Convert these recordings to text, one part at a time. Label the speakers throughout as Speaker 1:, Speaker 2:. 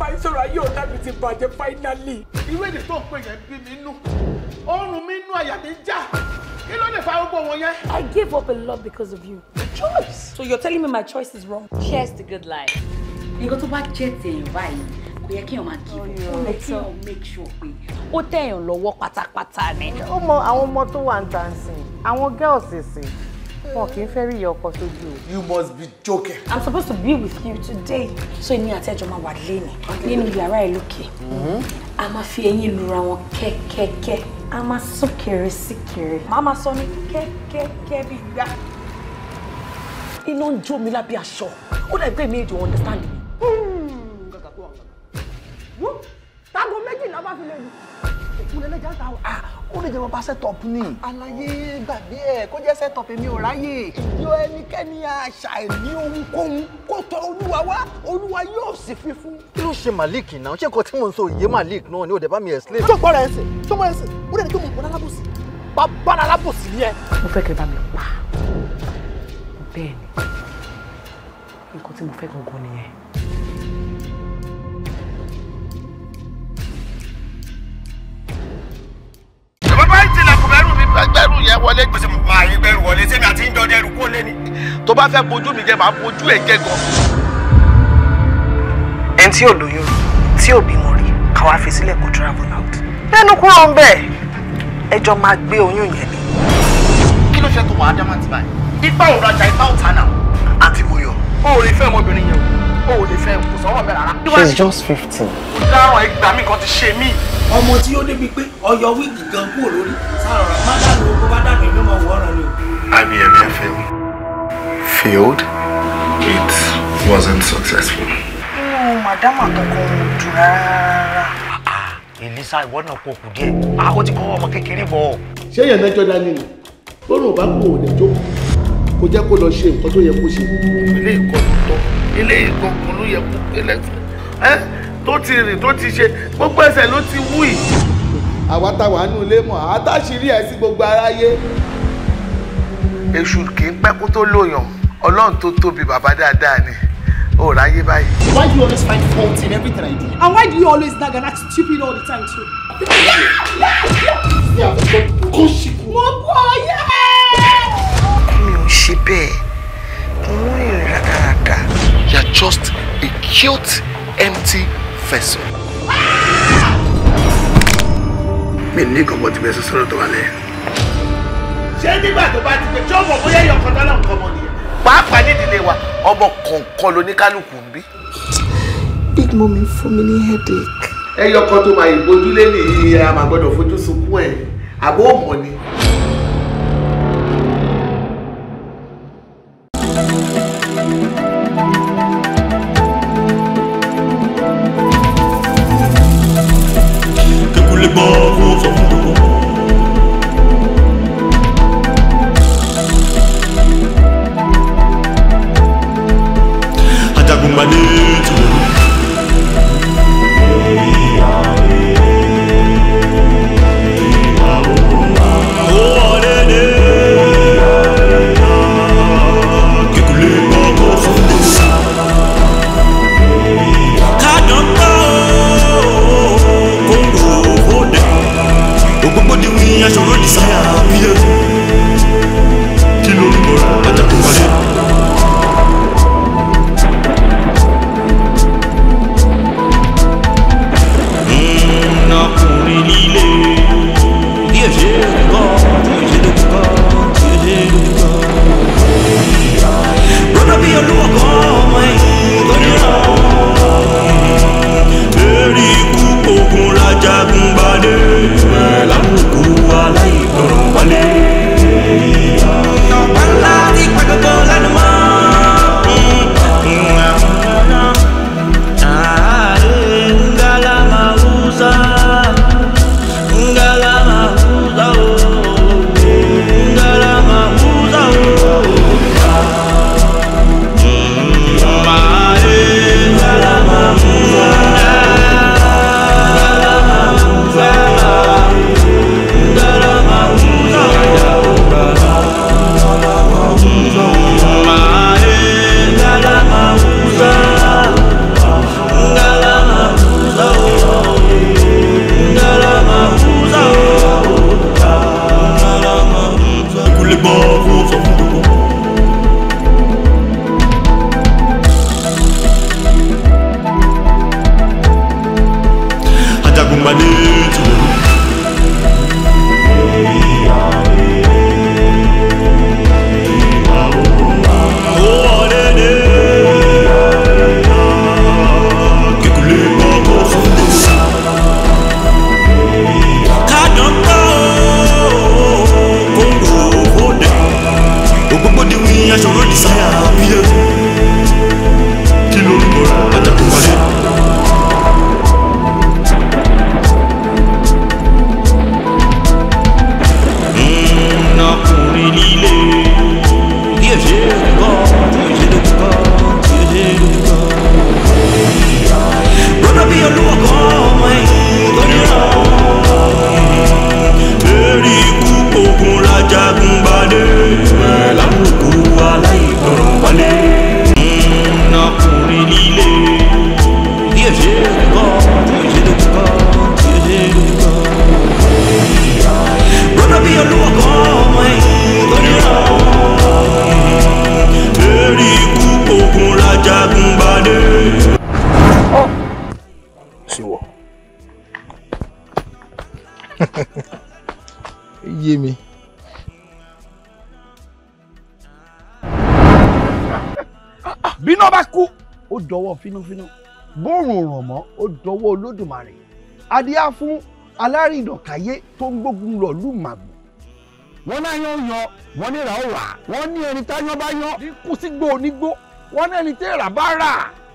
Speaker 1: bá ń sọ̀rọ̀ ayé ọ̀tá mi ti bàjẹ́ fáínálì. ìwé èdè tó ń pè yẹn bí mi nú ọrùn mi nú àyà mi já kí ló lè fa gbogbo wọn yẹn. I gave up a lot because of you. The choice. So you're telling me my choice is wrong. Cheers to good life. nǹkan tó bá jẹ́ tèèyàn báyìí kò yẹ kí èèyàn máa oh, kí ó make sure pé ó tẹ̀yàn lọ́wọ́ pátápátá ni. ó mọ àwọn ọmọ tó wà ń tàn sí àwọn girls sì sí wọn kì í fẹ́ rí ìyá ọkọ sójú you must be joking. i'm supposed to be with you today so èmi àti ẹjọ máa wà lẹ́nu nínú yàrá ẹ̀ lókè a máa fi eyín lura wọn kẹ́kẹ́kẹ́ a máa sún kéré sí kéré màá máa sọ ní kẹ́kẹ́kẹ́ bí gbá. iná ń jó mi lábẹ́ aṣọ ó dà gbé mi èdè understand mi. You? Hmm. méjì náà bá fi lè lù òkú lẹ́lẹ́jà ta wà kó lè jẹ́ mo bá set ni. àlàyé gbàgbé ẹ kó jẹ́ set up ò ráyè. yọ ẹnikẹ́ni àṣà ẹ̀mí ohunkóhun kó tọ olúwa wá olúwa yóò sì fi fún. kí ló ṣe malik náà ṣé nǹkan tí mò ń sọ òye malik náà ni ò dé bá mi explain. tó gbọ́dọ̀ ẹsẹ̀ tó mọ ẹsẹ̀ ó dẹ̀ ní kí mo kọ́ lálábòsí bàbá lálábòsí ni mo fẹ́ kẹ́ bá mi pa bẹ́ẹ̀ ni nǹkan tí mo fẹ́ gangan nìyẹn. bàbá ìtìlẹ̀kùn bẹ̀rù mi gbẹ̀rù yẹn wọlé. tó bá fẹ́ bojú mi jẹ màá bojú ẹ̀ jẹ gan. ẹni tí ò lóyún rí tí ò bímọ rí káwá fi sílẹ̀ kó travel out. lẹ́nu kúrò ń bẹ̀ ẹ jọ máa gbé oyún yẹn ni. kí ló fẹ́ tó wàá dá màtí báyìí. ipa òrajà ipa òtá náà. àti mo yọ. o ò lè fẹ́ ọmọbìnrin yẹn o o kò just fifteen. IBM FM failed it wasn't successful.
Speaker 2: inú màdámà kankan
Speaker 1: Elisa ah, ìwọ náà kò kù díẹ̀ àwọn ti kọ́ ọmọ kékeré bọ̀. ṣé yẹn mẹ́jọ dání ni lórun ò bá kú òun jẹ́ kó lọ ṣe nǹkan tó yẹ kó ṣe. ilé ìkọ́ni tọ́ eléyìí gbọ̀ngàn ló yẹ kó pélé fún ẹ tó ti rìn tó ti ṣe gbogbo ẹsẹ̀ ló ti wú yìí. àwa táwa nù lé mọ̀ àtàṣírí ẹ̀ sí gbogbo aráyé. èṣù kì í pẹ́ kó tó lóyàn ọlọ́run tó tóbi bàbá dáadáa ni ó ráyé báyìí. why do you always find fault in everything I do. and why do you always nag and act stupid all the time too. mo kọ́ yẹ́. mi ò ṣe bẹ́ẹ̀ mú ìrìn just a cute empty vessel. Me ní ìkọ̀kọ̀ ti bẹ̀ sọ sọ́dọ̀ tó wà lẹ́yìn. ṣé nígbà tó bá ti pè tí ọmọ bóyá èèyàn kan tọ́lá nǹkan mọ̀ big mummy fún mi ní headache. ẹyọ kan tó máa ìbojúlé nìyí a máa gbọ́dọ̀ fojú money. ẹ àbó mọ
Speaker 2: 그냥 좋을 기사야 빌려
Speaker 1: finúfinú bóòrùn ràn mọ́ ó dọwọ́ olódùmarè adíá fún alárìndọ̀káyé tó ń gbógun lọ́lù màgbò. wọ́n láyọ̀ ń yan wọ́n ní ìrà ó rà wọ́n ní ẹni táyọ̀ bá yan. ní kú sígbó onígbó wọ́n ní ẹni tí ìrà bá rà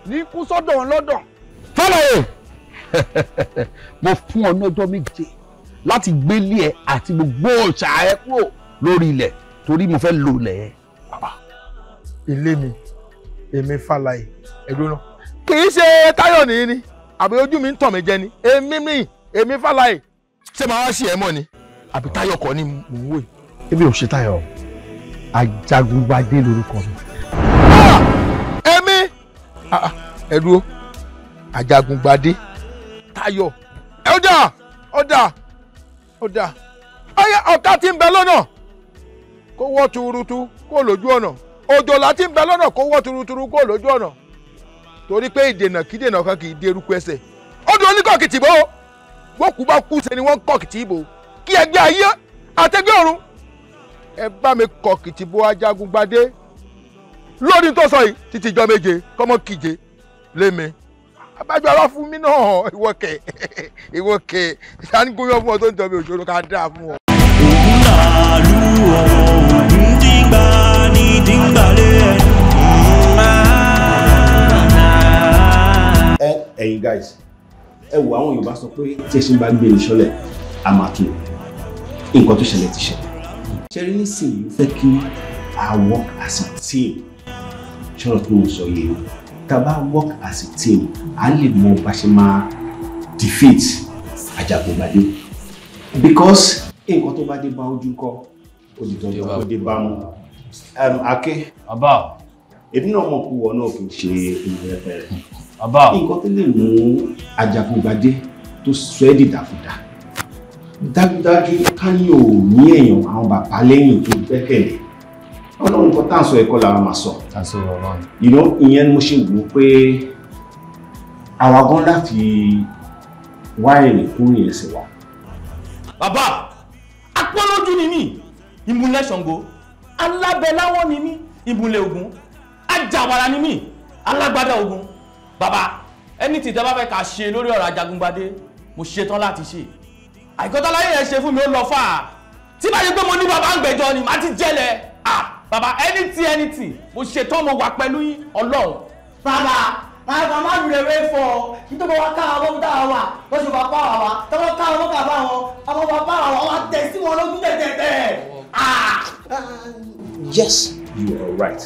Speaker 1: ní kú sọ́dọ̀ wọn lọ́dọ̀.
Speaker 3: mo fún ọ ní ọjọ́ méje
Speaker 1: láti gbélé ẹ àti gbogbo ọ̀ṣà ẹ kúrò lórí ilẹ̀ torí mo fẹ́ lò lẹ̀ ẹ́. ilé mi èmi Fálàyè ẹ̀dùn náà kì í ṣe táyọ̀ ní ni àbí ojú mi ń tàn mí jẹ ni èmi mi èmi fàlàyé ṣé màá wá sí ẹ mọ́ ni àbí táyọ̀ kọ́ ni mò ń wò. Ebi ò ṣe táyọ̀ ajagungbadé lórúkọ mi. èmi ah, ah, ẹ dúró ajagungbadé táyọ̀ ẹ ó dà ó dà ó dà ọyá ọ̀tá tí ń bẹ lọ́nà kó wọ́ tuurutu kó lójú ọ̀nà òjòlá ti ń bẹ lọ́nà kó wọ́ tuuruturu kó lójú ọ̀nà. torí pé ìdènà kí dènà kan kì í dé erúkú ẹsẹ̀ ọdún oníkọ̀kìtì bò wọ́n kú bá kú sẹ́ni wọ́n kọ̀kìtì ìbò kí ẹgbẹ́ ayé àtẹgbẹ́ ọ̀run ẹ bá mi kọ̀kìtì bò ajagungbadé lórí tó sọ yìí títí ìjọ méje kọ́mọ kìje lémi abájọ ara fún mi náà ìwọ kẹ ìwọ kẹ ìsàngúnyọ fún ọ tó ń jọ mi òjòrò ká dáa fún ọ. òun làálù
Speaker 2: ọ̀rọ̀ òun dìgbà ní dìgbà lé ẹni.
Speaker 1: guys ẹ wo àwọn Yorùbá sọ pé tí ẹṣin bá gbé ní sọlẹ̀ a máa tún nǹkan tó ṣẹlẹ̀ ti ṣẹlẹ̀ ṣẹ́rí nísìnyí ó fẹ́ kí a work as a team ṣọ́rọ̀ tí mo sọ yìí tá a bá work as a team a lè mọ bá ṣe máa defeat ajagunbalẹ̀ because nǹkan tó bá dé bá ojú kọ ó di dandan ó dé bá mu Ake. Bàbá o. Èmi náà mọ̀ kú wọ náà kì í ṣe ìrẹ́pẹ̀rẹ̀ nǹkan tó lè mú ajagungbadé tó sọ ẹ́ dìdàkudà dájúdájú ká ní ò ní èèyàn àwọn bàbá lẹ́yìn tó gbẹ́kẹ̀lé ọlọ́run kan tá à ń sọ ẹ̀kọ́ làwọn máa sọ ìyẹn mo ṣe wò ó pé àwa gan láti wá ẹ̀rìn kún ìyẹn sí wa. bàbá apọ́lójú ni mí ìmúlẹ̀ ṣàngó alábẹ́láwọ́ ni mí ìmúlẹ̀ ògún àjàwàrà ni mí
Speaker 3: alágbádá ògún
Speaker 1: bàbá ẹni tí tẹ́bá fẹ́ ká ṣe lórí ọ̀rọ̀ Ajagungbadé mo ṣetán láti ṣe àìkọ́tà láyé yẹn ṣe fún mi ó lọ fà á tí bá yẹ pé mo ní bàbá ń gbẹ̀jọ ni màá ti jẹ́lẹ̀ Ah, Baba, ẹni tí ẹni tí mo ṣetán mo wà pẹ̀lú yín ọlọ́run. Baba, bàbá má lulẹ̀ wé fọ nítorí wọn ká àwọn ọmọ dáhà wà wọn ṣe wà pa wà wá tọwọ ká àwọn ọmọ bàbá wọn àwọn bàbá wà wá tẹ sí wọn lógún tẹ̀tẹ̀tẹ̀. Yes, you are right.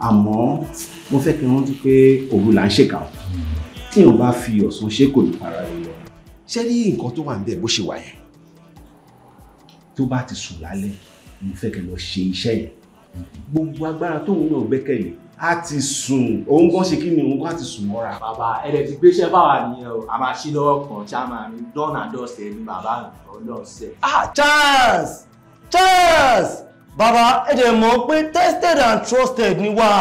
Speaker 1: Among mo fẹ́ kí n rántí pé òru là ń ṣèkà o tí èèyàn bá fi ọ̀sán ṣe kò ní para rẹ̀ lọ ṣé rí nǹkan tó wà níbẹ̀ bó ṣe wà yẹn tó bá ti sùn lálẹ́ mo fẹ́ kí n lọ ṣe iṣẹ́ yẹn gbogbo agbára tóun náà gbẹ́kẹ̀lé a ti sùn òun kan ṣe kí ni òun kan ti sùn mọ́ra. bàbá ẹ̀rẹ̀ ti gbéṣẹ́ báwa nìyẹn o a máa ṣí lọ́wọ́ kan ṣáàmà mi dọ́nà dọ́sẹ̀ ni bàbá mi ah Charles Charles bàbá ẹ dẹ̀ mọ̀ pé tested and trusted ni wá.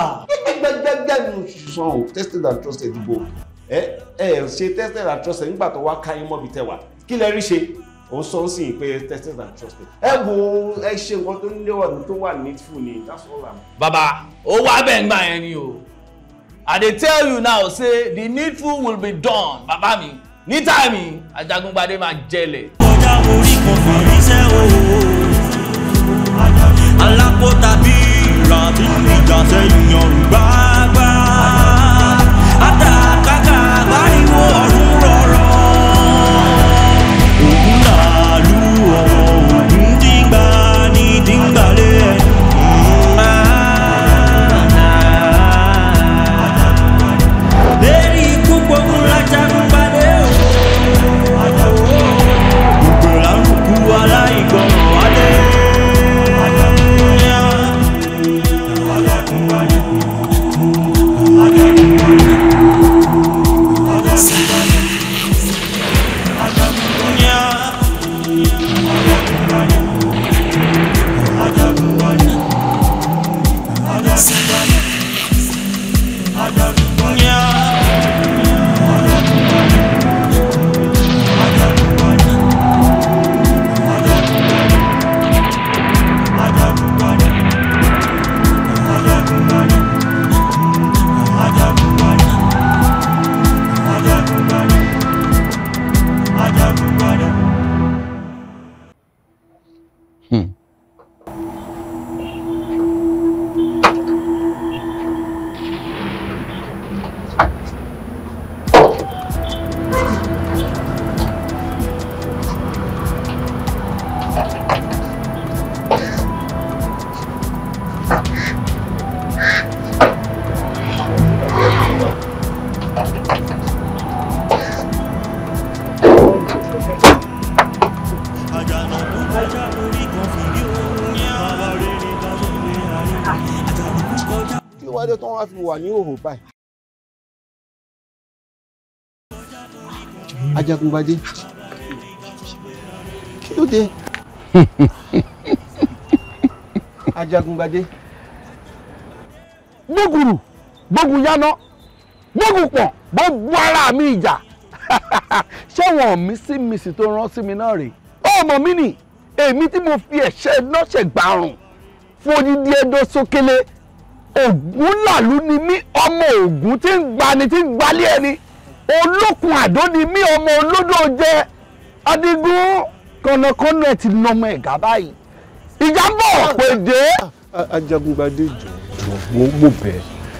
Speaker 1: gbẹgbẹgbẹ ni sọ o tested and trusted bò ẹ ẹ ṣe tested and trusted nígbà tó wá káyín mọ́bi tẹ wá kí lẹ rí ṣe ó ń sọ ń sìn pé tested and trusted ẹ wo ẹ ṣe nǹkan tó níwọ̀ tó wà needful ni that's all am. bàbá ó wá bẹ́ẹ̀ ń gbà yẹn ni o i dey tell you now say the needful will be done bàbá mi ní táìmì ajagungbadé máa jẹlẹ̀. ọjà orí
Speaker 2: kan fún iṣẹ́ òwò
Speaker 1: àpò tàbí
Speaker 2: ìrà tí ìjà sẹ́yìn ọ̀run.
Speaker 3: Ògúnbádé kí ló dé
Speaker 1: Ajagungbadé. gbógùrù gbógun yáná gbógun pọ̀ bó bu ara mi ìjà ṣé wọn mi sí mi sì tó rán sí mi náà rèé ọmọ mi nì èmi tí mo fi ẹ̀ṣẹ̀ lọ́ṣẹ̀ gbàrùn fodidi ẹdọ sókèlè ògún làlú ni mí ọmọ ògún tí ń gbani tí ń gbalé ẹni olókun àdó ni mí ọmọ olódò jẹ adigun kọ̀nàkọ́nà ti nọmọ ẹ̀gá báyìí ìjà ń bọ̀ pèdè. ajagungbadé jọ jọ mo bẹ̀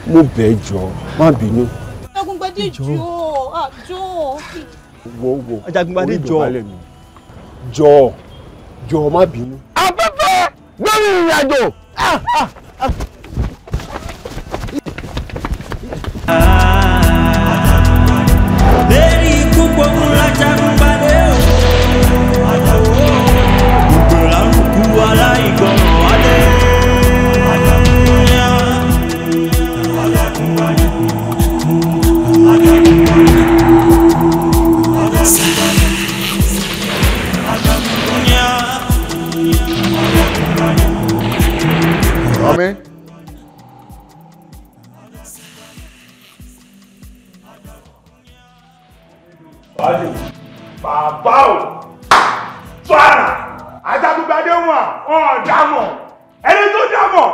Speaker 1: mo bẹ̀ jọ má bínú. ajagungbadé jọ
Speaker 4: jọ. Ah,
Speaker 1: wo wo ajagungbadé jọ jọ jọ má bínú. afẹ́fẹ́ lórí ìrìnàjò. Ah, ah, Adam.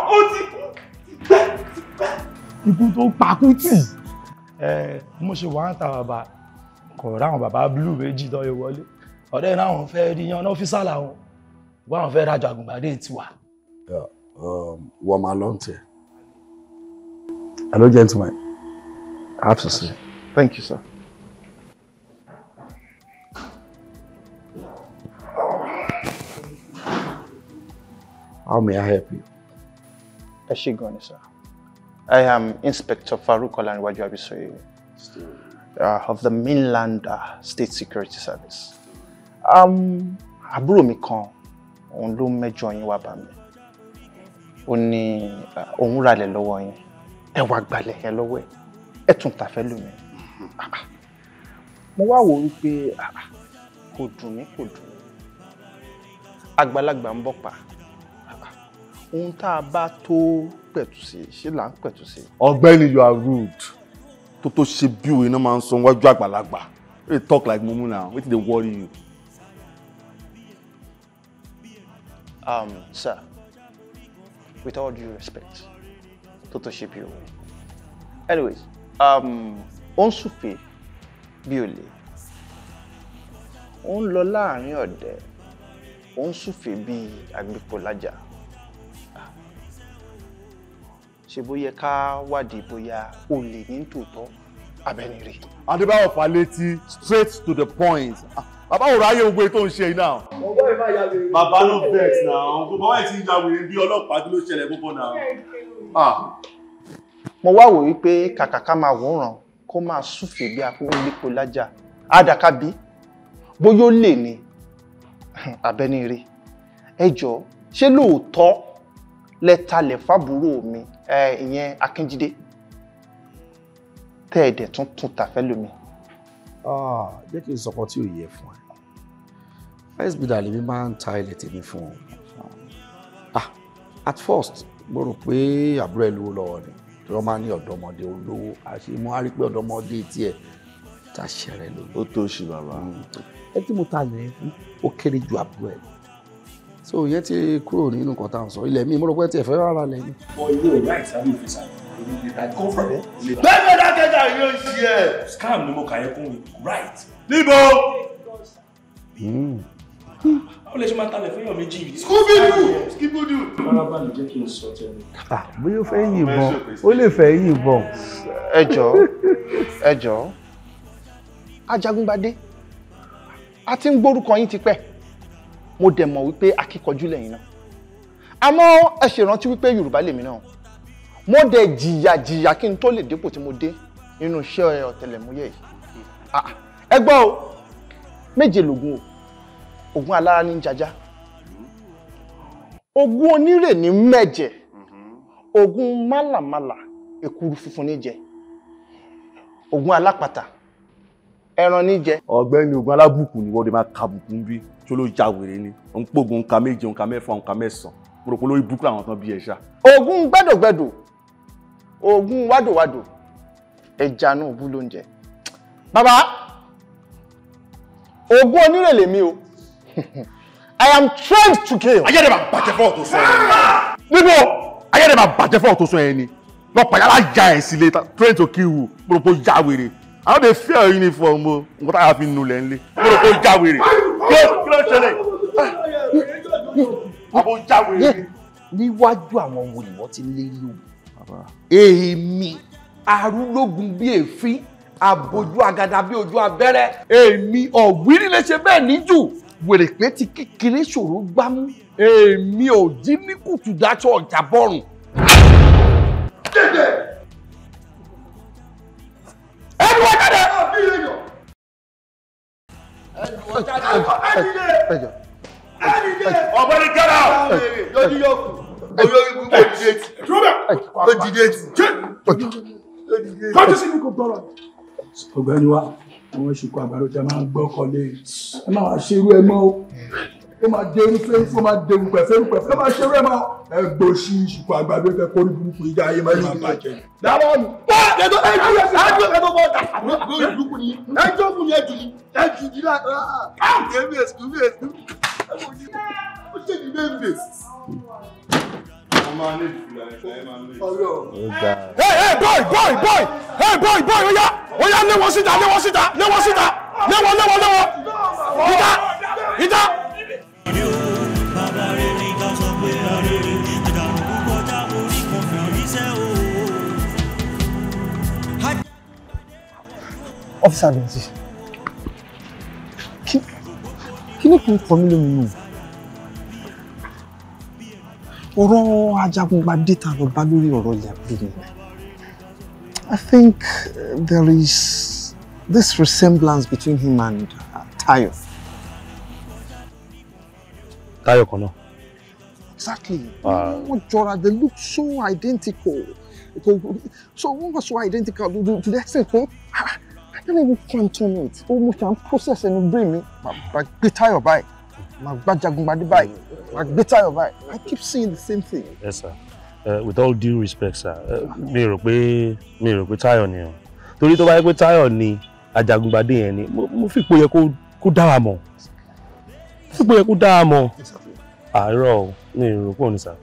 Speaker 1: ó ti kú tipẹ́ tipẹ́. ikú tó pakú tì. ẹ mo ṣe wá ń ta bàbá kò ráwọn bàbá blue méjì tọ́yọ wọlé ọ̀rẹ́ ráwọn fẹ́ rí yan ọ́fíṣà làwọn wọ́n fẹ́ rajà àgùnbàdé tiwa. Um, wọ́n máa lọ́n tẹ̀. hello gentlemen i have to say
Speaker 3: thank you sir. How may I help you? ẹ ṣe gan ni sir
Speaker 1: i am inspector farouk ọlànìwájú abisoye uh, of the mainland uh, state security service um, àbúrò mi kan òun ló mẹ́jọ yín wá bá mi ó ní
Speaker 3: uh, òun ralẹ̀ lọ́wọ́ yín ẹ wá gbalẹ̀ yẹn lọ́wọ́ ẹ ẹ tún tàfẹ́ lù mí
Speaker 1: mo wá wò wípé ah, kò dùn mí kò dùn mí àgbàlagbà ń bọ̀ pa ohun tá a bá tó pẹ̀tù sí ṣé là ń pẹ̀tù sí. ọ̀gbẹ́ni you are rude tó tó ṣe bí òye náà máa ń sọ wájú àgbàlagbà you dey talk like mumu now wetin dey worry you.
Speaker 3: Um, sir with all due respect tó tó ṣe bí òye anyways um, ó ń sùpè bí olè ó ń lọ láàrin ọ̀dẹ̀ ó ń sùfè bíi àgbẹ̀pọ̀
Speaker 1: ṣe bóyá ká wádìí bóyá olè ní tòótọ́ abẹ́nirè. adébáyọ̀ falẹ́tì straight to the point ah, bàbá òrò ayé gbogbo ètò ń ṣe iná. ọgbọ́n ìbá ya wèrè. bàbá ló vex na àwọn gbogbo àwọn ẹ̀sìn ìjà wèrè bí ọlọ́pàá kí ló ṣẹlẹ̀ gbogbo náà. Ah. mo wá wò wípé kàkà máa wòran kó máa súfè bí apóhùn lípo lájà àdàkàbí bóyá ó lè ní abẹ́nirè ẹ jọ ṣé lóòótọ́ lẹ talẹ̀ fábúrò mi ìyẹn Akínjídé tẹ́ ẹ̀dẹ̀ tún tún tàfẹ́ lómi. Ah, jẹ́ kí n sọ̀kan tí ò yẹ fún ẹ first bidder lèmi máa ń ta ilẹ̀ tèmi fún ọ ah at first mo rò pé àbúrò ẹ lówó lọ́wọ́ ni tí wọ́n máa ní ọ̀dọ́mọdé olówó àṣé mo á rí pé ọ̀dọ́mọdé tiẹ̀ ta ṣẹ̀rẹ̀ lórí. ó tó ṣì bàbá. ẹ tí mo ta lẹ́yìn ó kéré ju àbúrò ẹ lọ so ìyẹn ti kúrò nínú nǹkan tá à ń sọ ilẹ̀ mi mo rò pé tiẹ̀ fẹ́ rárá lẹ̀ ni. ọ ilé ìyá ìsàlẹ̀ ìfẹsà bẹ́ẹ̀ bẹ́ẹ̀ dákẹ́jà ilé ń ṣe scam ni mo kà yẹ kún mi right. níbo. ó lè ṣe máa talẹ̀ fún èèyàn méjì yìí. skubidu skubidu. ọlọ́ba lè jẹ́ kí n sọ tẹ́lẹ̀. Ah, bóyá ó fẹ́ yìnbọn ó lè fẹ́ yìnbọn. ẹ jọ̀ọ́ ẹ jọ̀ọ́ ajagungbadé a ti ń gbórúkọ yín tipẹ́. mo dẹ̀ mọ̀ wípé akíkanjú lẹ́yìn náà àmọ́ ẹ ṣèrántí wípé yorùbá lèmi náà mo dẹ̀ jìyà jìyà kí n tó lè dépò tí mo dé nínú iṣẹ́ ọ̀tẹlẹ̀múyẹ́ yìí ah, ẹ gbọ́ o méje lògùn o ògùn alára ní jajá ògùn onírè ní mẹ́jẹ̀ ògùn málàmálà èkuru funfun ní jẹ ògùn alápàtà ẹran ní jẹ. ọ̀gbẹ́ni ògùn alábùkù ni wọ́n lè máa kàbùkù ń bí tó ló ja wèrè ni òun pògùn nǹkan méje nǹkan mẹ́fà nǹkan mẹ́sàn mo rò pé lórí búkúrò àwọn tán bí ẹja. oògùn gbẹdògbẹdò oògùn wádòwádò ẹja náà bú ló ń jẹ. bàbá oògùn onírèlè mi o i am trained to kill. ayédèmà bàjẹ́ fọ́ ọ̀tún sọ ẹ̀ ni. níbo ayédèmà bàjẹ́ fọ́ ọ̀tún sọ ẹ̀ ni lọ́pàá yàrá ja ẹ̀ sílé trained to kill wò mo rò pé ó ya wèrè àwọn dey uniform o nǹkan tá a fi nulẹ̀ ńlẹ̀ mo rò pé ó ya wèrè ló ṣẹlẹ̀ àbò jáwé. níwájú àwọn wo ni wọ́n ti lé lóògùn èmi arúgbógun bíi èéfín abojú agada bíi ojú abẹ́rẹ́ èmi ọ̀gbìnrí lè ṣe bẹ́ẹ̀ níjù wèrè pé ti kékeré ṣòro gbámú èmi ò jí ní kùtù dáṣọ ọ̀jà bọ́rùn. jẹjẹrẹ. ẹjọ ọ̀gbẹ́ni kẹrà lójú yóò kù olórí gbogbo dìde tí ó dìde tí ó dìde tí. kọ́jú sí ní kò gbọ́rọ̀. ọ̀gbẹ́ni wa àwọn ìṣùkọ àgbàdo jẹ máa ń gbọ́kọ̀ lé ẹ máa ṣerú ẹ mọ́ o ó máa dé irúfẹ́ ó máa dé rúpẹ̀fẹ́ rúpẹ̀fẹ́ máa ṣe rẹ́ máa ẹgbẹ́ òṣì ìṣùkọ àgbàdo ẹ̀fẹ́ kórí burúkú yíyá ayé máa yíyá bàjẹ́. dábọ̀ bọ́ ẹjọ́ ẹjọ́ ẹjọ́ ẹjọ́ bọ́ dà lórí burúkú ni ẹjọ́ kù ni ẹjù ni ẹjù ni lára ẹbí ẹsùn ẹbí ẹsùn ó ṣe ní bẹ́ẹ̀ Hey hey boy boy boy hey boy boy oh oh yeah, yeah. oya oya lé wọn síta lé wọn síta lé wọn síta lé wọn lé wọn lé wọn ìta ìta. ọ́fíìsì àgbẹ̀ntì kí ni kò ń kọ́ mí lómi
Speaker 3: yìí ọ̀rọ̀ ajagungbadé tá a lọ bá lórí ọ̀rọ̀ yàgbé mi I think uh, there is
Speaker 1: this resemblance between him and uh, Tayo. Tayo kan náà. Exactly. Wọ́n jọra they look so identical. So wọ́n wá so identical to the extent kan. I can't even contain it. Ó mo ṣàn process ẹnu brain mi.
Speaker 3: Màá gbé Táyọ̀ my bad
Speaker 1: gbá Jagungbadé báyìí. Màá gbé I keep seeing the same thing. Yes sir, uh, with all due respect sir, uh, mi rò pé mi rò pé Táyọ̀ ni o. Torí tó bá yẹ pé Táyọ̀ ni Ajagungbadé yẹn ni, mo fi pò yẹ kó dára mọ̀. Mo fi pò yẹ kó dára mọ̀. Àárọ̀ o, mi rò pé ni sir.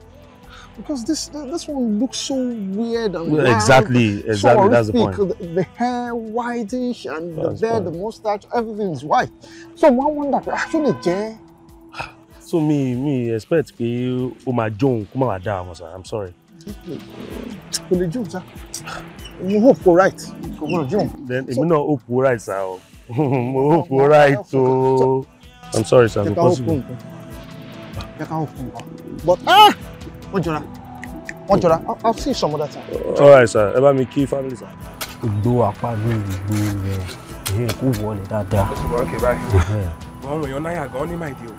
Speaker 1: because this this one looks so weird and well, exactly exactly so that's the point. The, the hair whitish and that's the beard, the mustache, everything is white. So one wonder actually ah, Jay. so me me expect pé ó máa joan kó máa sir i'm sorry. kò lè joan sa mo hope for right kò gbọ́dọ̀ joan. then èmi náà hope
Speaker 2: for right sir. o hope for right so. i i'm sorry sir kò possible.
Speaker 3: jẹ́ but ah. wọ́n jọra I'll
Speaker 1: see you some other time. all right sir ẹ bá mi family sir. gbogbo apá mi gbogbo rẹ èyí kò wọlé dáadáa. ọ̀sùnmọ̀ ọ̀kẹ́ báyìí ọ̀rùn èèyàn náírà gan-an ní màìdí o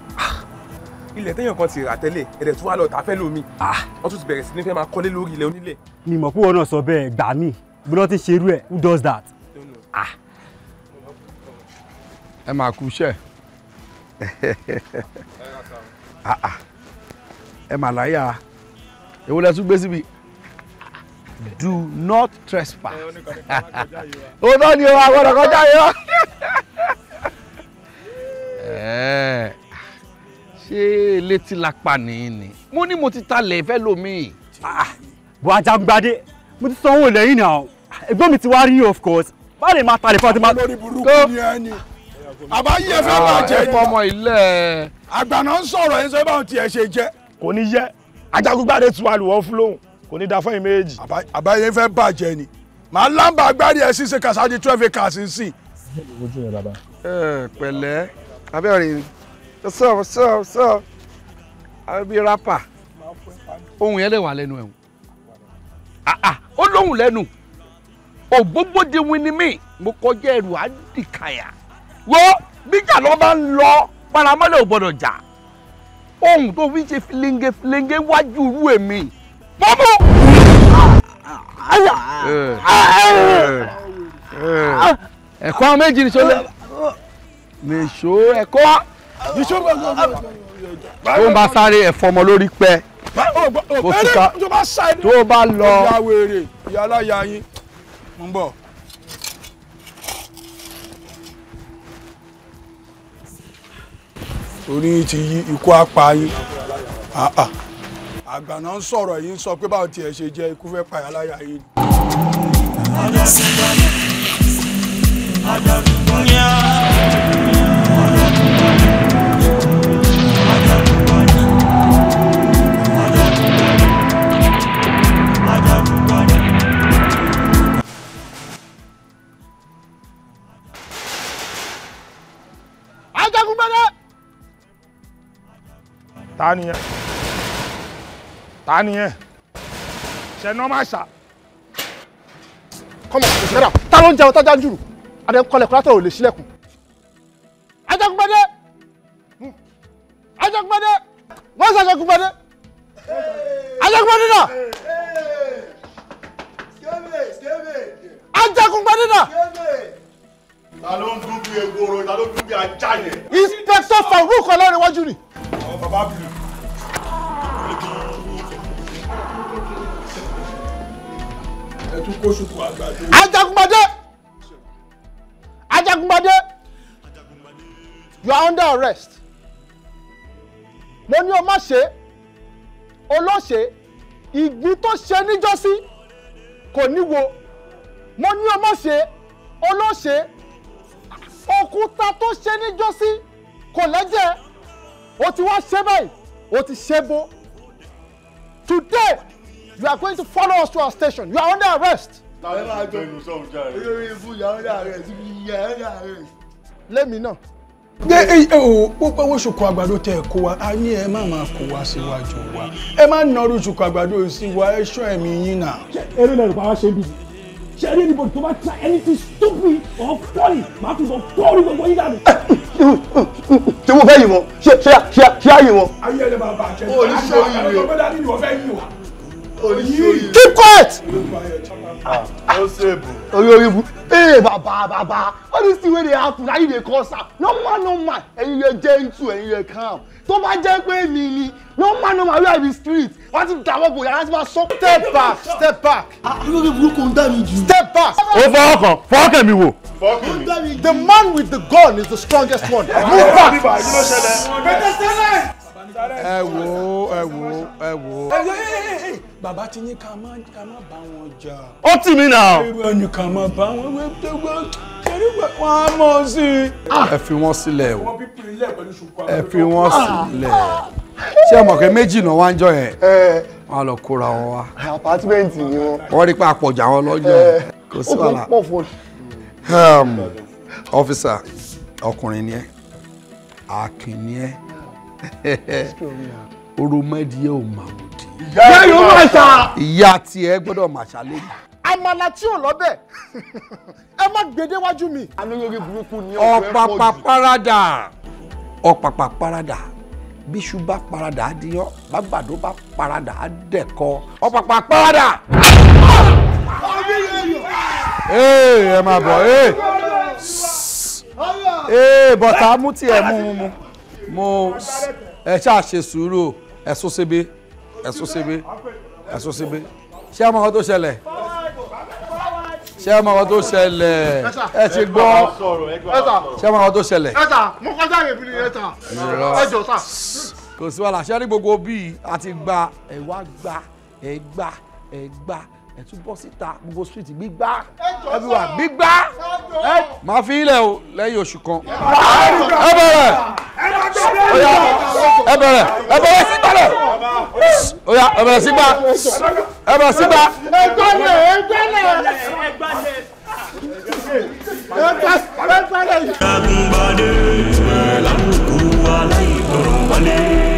Speaker 1: ilẹ̀ téèyàn kan ti rà tẹ́lẹ̀ ẹ̀rẹ̀ tó wà lọ tà fẹ́ lómi ah. wọ́n tún ti bẹ̀rẹ̀ sí ní fẹ́ máa kọ́lé lórí ilẹ̀ onílẹ̀. mi mọ̀ pé wọn náà sọ bẹ́ẹ̀ gbà mí bí wọ́n ti ṣe irú ẹ̀ who does that. Ah. ẹ máa kú iṣẹ́ ẹ máa ah, láyà èwo lẹ tún gbé síbi do not trespass òótọ́ ni o àgbọ̀dọ̀ kọjá yìí wá. ṣé létí lápá nìyí ni mo ní mo ti talẹ̀ ìfẹ́ lómi. Ah, bó Àjàngbádé mo ti sanwó lẹ́yìn náà ẹgbọ́n mi ti wá rí of course bá lè máa talẹ̀ fún ọtí máa. lórí burúkú ni ẹ ní àbáyé ẹ fẹ́ bàjẹ́ ah, ni. ọmọ ilé. àgbàná ń sọ̀rọ̀ ẹ̀ ń sọ báwọn tiẹ̀ ṣe jẹ́. kò ní yẹ ajagungbáre tí wàá lù wọ́n fún lóhùn kò ní da fún ìméjì. àbáyé fẹ́ bàjẹ́ ni màá lámbà agbárí ẹ̀ ṣíṣe kàṣà di twelve acres ń sìn. ojú yẹn bàbá. ẹ pẹ̀lẹ́ abẹ́rẹ́ sọ sọ sọ àbí rapa ohun yẹn lè wà lẹ́nu ẹ̀hún ah, ah. ó lóhùn lẹ́nu ògbógbóde winni mi mo kọjá ẹrù àdìkàyà wo bíjà lọ bá ń lọ paramọ́lẹ̀ ò gbọ́dọ̀ jà ohun tó fi ń ṣe filenge filenge wájú irú èmi bọ́bú. ẹ̀kọ́ àwọn méjì nìṣó lẹ́ nìṣó ẹ̀kọ́ nìṣó tó ń bá sáré ẹ̀fọ́ ọmọ lórí pẹ́ bó ti ká tó bá lọ. ìyá wèrè ìyá aláya yín ń bọ̀. orí yín ti yí ikú apá yín àgbàná ń sọ̀rọ̀ yìí ń sọ pé báwo tiẹ̀ ṣe jẹ́ ikú fẹ́ pààyà láyà yín. ọ̀dà ṣùgbọ́n ta ni yẹn ta ni yẹn ṣe ní ọmọ àṣà. kọ́mọ̀ kò sẹ́dà ta ló ń jẹun tájà ń jùrù adé kọlẹ̀ kọ́látọ̀ ò lè ṣílẹ̀kùn. ajagunpẹ́dẹ́ ajagunpẹ́dẹ́ wọ́n ṣe ajagunpẹ́dẹ́ bàbá bìlù. ẹ tún kó you are under arrest mo ní o má ṣe olóṣè ìgbín tó ṣe níjọ́sí kò níwo mo ní o má ṣe olóṣè òkúta tó ṣe níjọ́sí kò lẹ́jẹ̀ o ti wá ṣe báyìí o ti ṣe bó today you are going to follow us to our station you are under arrest. tàbí máa jọ inú sọ̀rọ̀ jáde. olórí ibú yà under arrest ibi yà under arrest. lẹ́mi náà. gbé o pọ́pẹ́ wo ṣùkọ́ àgbàdo tẹ ẹ̀ kó wa a ní ẹ má máa kó wa síwájú wa ẹ má nọrú ṣùkọ́ àgbàdo sí wa ẹ ṣọ́ ẹ̀mí yín náà. eré lẹ́rù pa wá ṣe bí ṣe rí anybody tó bá try anything stupid or funny màá fi sọ kọ́ọ̀rì gbogbo yín dànù. ṣé mo fẹ́ yìí wọn ṣé ṣé ṣé ṣé àyè wọn. ayé ẹ̀rẹ̀ bàbá àṣẹ keep quiet. Ah. Ah, orí orí bu ee eh, bàbá bàbá all this thing wey dey happen na you dey cause am ah, normal normal ẹ̀yin yẹ gentle ẹ̀yin yẹ calm tó bá jẹ́ pé mi ni normal normal wey i be street wọ́n ti dàwọ́ bò yàrá ti máa sọ. step back step back. Ah, irú mi burúkú ń dá mi jù. step back. o fọwọ́ kan fọwọ́ kàn mi wò. the man with the gun is the strongest one. Ah, move back ẹ wo, ẹ wo, ẹ wo. bàbá ti ní ká má ká má bá wọn jà. ó tì mí nà. èrò ẹni ká má bá wọn wé dégbò kẹrí wọn á mọ sí i. Ah, ẹ fi wọn sílẹ̀ o ẹ fi wọn sílẹ̀ ṣé ẹ mọ̀ pé méjì náà wá ń jọ yẹn wọn lọ kóra wọn wá. àpátímẹ́ǹtì ni wọn. wọ́n rí pé àpọ̀jà wọn lọ́jọ́ kò sí wàhálà. ọ́físà um, ọkùnrin ni ẹ́ akin ni ẹ́. oromọdìyẹ ò máa wò di. ìyá yóò máa ṣá. ìyá tiẹ̀ gbọ́dọ̀ máa ṣàlẹ́ yìí. àmàlà tí ò lọ́bẹ̀ ẹ má gbèdéwájú mi. alóyori burúkú ni ọkọ ẹ jù. ọ̀pàpà parada ọ̀pàpà parada bíṣu bá parada á bàgbàdo bá parada á dẹ̀kọ ọ̀pàpà parada. ee ẹ máa bọ̀ ee
Speaker 4: ee bọ̀tà mú tiẹ̀ mú mú mú mo
Speaker 1: ẹ ṣáà ṣe sùúrù ẹ̀sùn síbi ẹ̀sùn síbi ẹ̀sùn síbi ṣé ẹ mọ ọkọ tó ṣẹlẹ̀ ṣé ẹ mọ ọkọ tó ṣẹlẹ̀ ẹ ti gbọ́ ṣé ẹ mọ ọkọ tó ṣẹlẹ̀. ẹ ta mo kọjá yẹn bìnrin ẹ ta ẹ jọ ta. kò sí wàhálà ṣé ẹ rí gbogbo bíi àti gba ẹ wá gba ẹ gba ẹ gba ẹ tún bọ́ síta gbogbo street gbígbá everywhere gbígbá máa fi ilẹ̀ o lẹ́yìn oṣù kan ẹ bẹ̀rẹ̀ ẹ bẹ̀rẹ̀ ẹ bẹ̀rẹ̀ sígbà lẹ̀ oya ẹ bẹ̀rẹ̀ sígbà ẹ bẹ̀rẹ̀ sígbà. ẹgbẹ́lẹ̀ ẹgbẹ́lẹ̀
Speaker 2: ẹgbẹ́lẹ̀. ẹgbẹ́lẹ̀.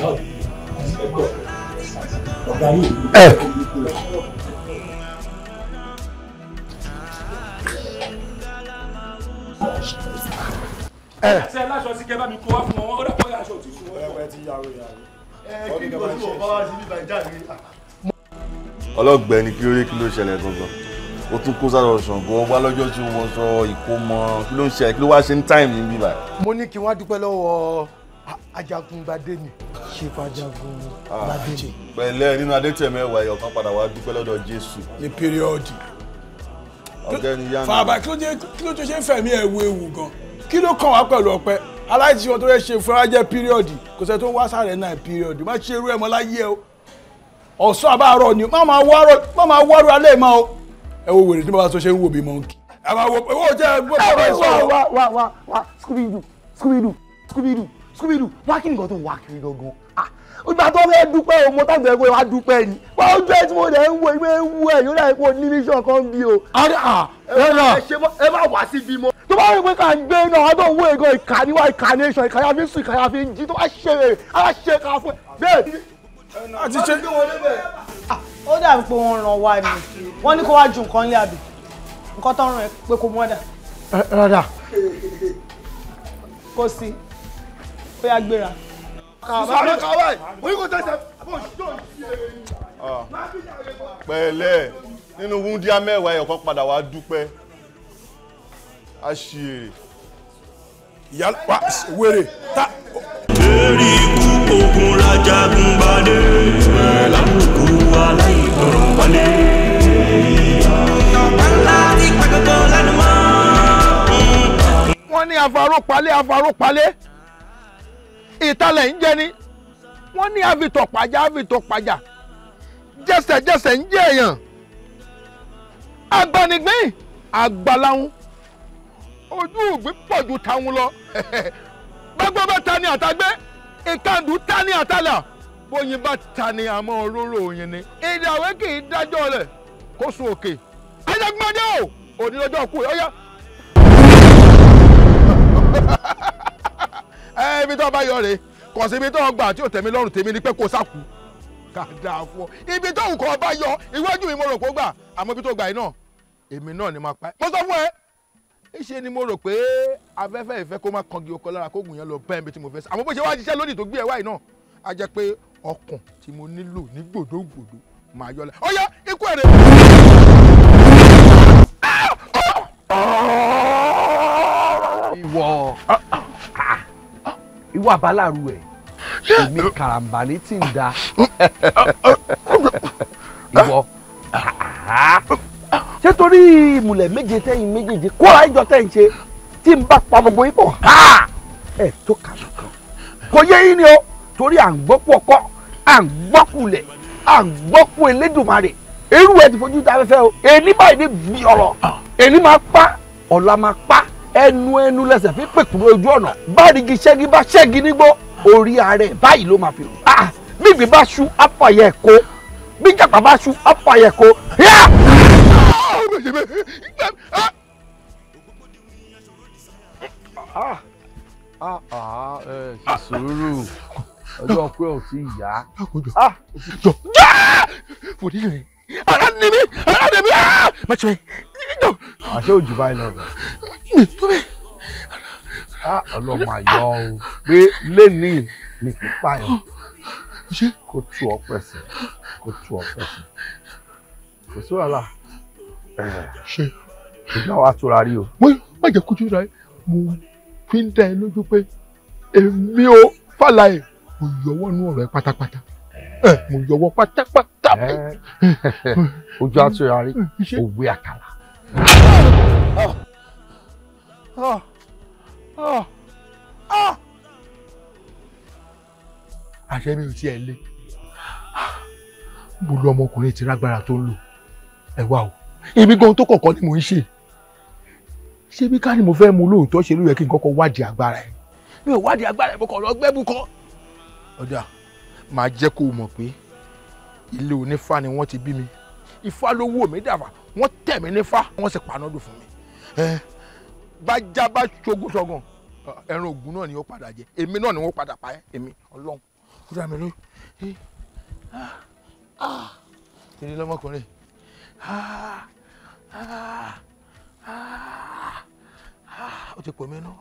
Speaker 4: ẹ. ẹ. kí
Speaker 1: ló rí kí ló ṣẹlẹ̀ gangan ó tún kó sára ṣàngó wá lọ́jọ́ tí wọ́n sọ ìkómọ kí ló ń ṣe kí ló wá ṣe ń táìmù yín bíbá. mo ní kí wọ́n á dúpẹ́ lọ́wọ́ ajagungbadé ni. ṣèpà ajagungbadé ni. Ah, pẹ̀lẹ́ nínú adétẹ̀mẹ́wàá ẹ̀yọ̀ kan padà wá dúpẹ́ lọ́dọ̀ jésù. ní píríọ̀dì. ọ̀gẹ́ni yánn. fàbà kí ló ṣe ń fẹ̀mí ẹ̀ wo ewu gan kí ló kàn wá pẹ̀lú ọpẹ́ aláìsí wọn tó fẹ́ ṣe fúnra jẹ́ píríọ̀dì kò sẹ́ tó ń wá sáré náà píríọ̀dì má ṣe irú ẹ̀ mọ́ láyé o ọ̀sán àbáàrọ̀ ni má máa wọ́ọ́rọ̀ alẹ́ mọ́ o ẹ wo wèrè tí bàbá tó ṣe ń wò bí mọ́ǹkì ẹ máa wò pé wọ́n jẹ́ ẹ gbọ́dọ̀ ọ̀rọ̀ ìṣòro. wá wá wá wá Scooby-Doo Scooby-Doo Scooby-Doo Scooby-Doo nìkan tó wá kiri gangan ah ìgbà tó fẹ́ dúpẹ́ o mo tàbí ẹ̀kọ́ wa dúpẹ́ ni wọ́n ó jẹ́ tí mo dẹ̀ ń wo ìwé ewu ẹ̀ yóò dàbí pé o ní mission kan bí o. Ah, ẹ má wá síbi mọ́. tó bá rí pé ká ń gbé náà wọ́n tó ń wo ìgò ìkànnìwá ìkànnìṣàn ìkànnìyàfi sùn ìkànnìyàfi jí tó bá ṣe rè á ṣe ká fún ẹ. a ti ṣe. Ah, ó dàbí pé wọ́n ràn wá ni wọ́n ní kó wá ju nǹkan lé àbí nǹkan tó ń ràn pé kò mọ́dà ó yá gbéra. sàmì kàwáì oyin kò tẹsẹ̀ bó ṣe. Ah. pẹ̀lẹ́ nínú wúndíá mẹ́wàá ẹ̀yọ̀kan padà wá dúpẹ́ aṣèrè. ìyá wa wèrè ta. lérí
Speaker 2: ikú ogun rajà gúnbadé lábùkù aláìgbọràn wálé. ọ̀pá ńlá ti pàgọ́gọ́ lánàá.
Speaker 1: wọ́n ìtalẹ̀ ń jẹ ni wọ́n ní àfitọ̀ pàjá pàjá jẹsẹ̀jẹsẹ̀ ń jẹ èèyàn agbanigbín àgbàláhùn ojú ìgbín pọ̀ ju tàwọn lọ gbogbo bá ta ni àtàgbé ìkàndù ta ni àtàlà bóyin bá ta ni àmọ́ òróró òyìn ni ìdàwé kì í dájọ́ rẹ̀ kó sun òkè o òní lọ́jọ́ kú ẹ̀ ẹ tó bá yọ rè kàn sí tó gbà tí ò tẹ̀mí lọ́rùn tèmi ni pé kó sàkú kàdà fún ọ ibi tó nǹkan bá yọ iwájú mi mo rò kó gbà àmọ́ ibi tó gbà yìí náà èmi náà ni máa pa ẹ́ mo sọ fún ẹ ìṣe ni mo rò pé afẹ́fẹ́ ìfẹ́ kó má kangi oko lára kó gùn yẹn lọ bá ẹ̀mí tí mo fẹ́ sá àmọ́ bó ṣe wá ṣiṣẹ́ lónìí tó gbé ẹ̀ wáyìí náà á jẹ́ pé ọkàn tí mo nílò ní gbòdógbòdó màá yọ lẹ ó ikú ẹ̀rẹ́. ìwọ ìwà bálàrú ẹ̀ èmi karambà ní tí ń da ìwọ ṣé torí ìmùlẹ̀ méje tẹ́yìn méjèèjì kóra ìjọ tẹ́yìn ṣe tí ń bá pa gbogbo yín pọ̀ ha ẹ̀ tó kàlù kan kò yé yín ni o torí à ń gbọ́ pọ̀kọ́ à ń gbọ́ kulẹ̀ à ń gbọ́ kú elédùnmarè irú ẹ̀ ti fojú ta fẹ́fẹ́ o èní báyìí ní bí ọ̀rọ̀ èní ah. máa pa ọ̀la máa pa ẹnu ẹnu lẹsẹ̀ fi pè kúrò ojú ọ̀nà bárigi ṣẹ́gi bá ṣẹ́gi nígbó orí ààrẹ báyìí ló máa fi rò. bíbí ah, bá ṣú àfàyẹ kó bí jàpá bá ṣú àfàyẹ kó. Ah, ah, eh, ṣe sùúrù ọjọ́ pé ò tí ì yá. jọ jọ fòdí rẹ̀ ara ni mi ara ni mi aa ah! má ṣe bẹ́ẹ̀. àṣé ah, òjì báyìí lọ rẹ. mi tó bẹ́ẹ̀. Ah, ọlọ́mọ àyọ̀ o pé lẹ́ni ni pípa yẹn kó tú ọ pẹ̀sẹ̀ kó tú ọ pẹ̀sẹ̀ kò sí wàhálà ṣe ìgbà wa tura rí o. wọ́n má jẹ́ kó tura yìí mo fi ń dá ẹ lójú pé èmi ò fàlàyé òyìnbó wọnú ọ̀rọ̀ ẹ pátápátá mo yọwọ́ pátápátá. ojú àtúnyà rí òwe àkàlà. àṣẹ mi ò tiẹ̀ lé mo lu ọmọkùnrin tí rágbára tó ń lò ẹ wá o ibi gan tó kọ̀ọ̀kan ni mò ń ṣe ṣé bí ká ni mo fẹ́ mu lóòótọ́ ṣe ló yẹ kí n kọ́kọ́ wádìí agbára ẹ̀ mi ò wádìí agbára ẹ̀ mo kàn lọ gbẹ́bù kan ọjà màá jẹ́ kó o mọ̀ pé ilé onífá ni wọ́n ti bí mi ifá ló wò mí dàfà wọ́n tẹ̀ mí nífá wọ́n sì panádù fún mi bájá bá ṣogun ṣọgàn ẹran ògùn náà ni ó padà jẹ èmi náà ni wọ́n padà pa ẹ́ èmi ọlọ́run ó dà mí lóyún ìdí lọ́mọkùnrin ah, ah, ah, ó ti pè mí náà.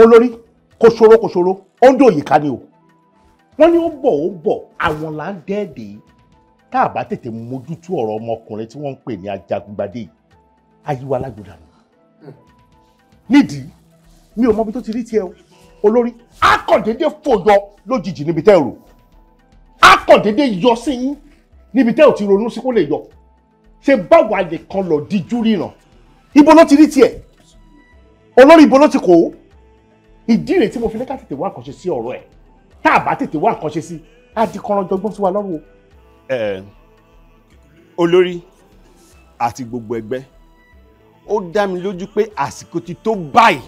Speaker 1: olórí kò ṣòro kò ṣòro ó ń dò yìí ni o wọ́n ní ó bọ̀ ó bọ̀ àwọn là ń dẹ́ẹ̀dẹ́ tá a bá tètè mójútó ọ̀rọ̀ ọmọkùnrin tí wọ́n ń pè ní ajagungbadé yìí ayíwá alágbèdà nù nídìí mi ò mọ tó ti rí tiẹ̀ o olórí akọ̀dédé fòyọ lójijì níbi tẹ́ ò rò akọ̀dédé yọ sí yín níbi tẹ́ ò ti ronú sí kó lè yọ ṣe báwa nìkan lọ díjú ríran ibo ló ti rí tiẹ̀ olórí ibo ló ti kò ó ìdí rèé tí mo fi ní ká tètè wá nǹkan ṣe sí ọ̀rọ̀ ẹ̀ tá a bá tètè wá nǹkan ṣe sí A di kọ́ran jọgbọ́n sí wa lọ́rùn o. ẹ olórí àti gbogbo ẹgbẹ́ ó dá mi lójú pé àsìkò ti tó báyìí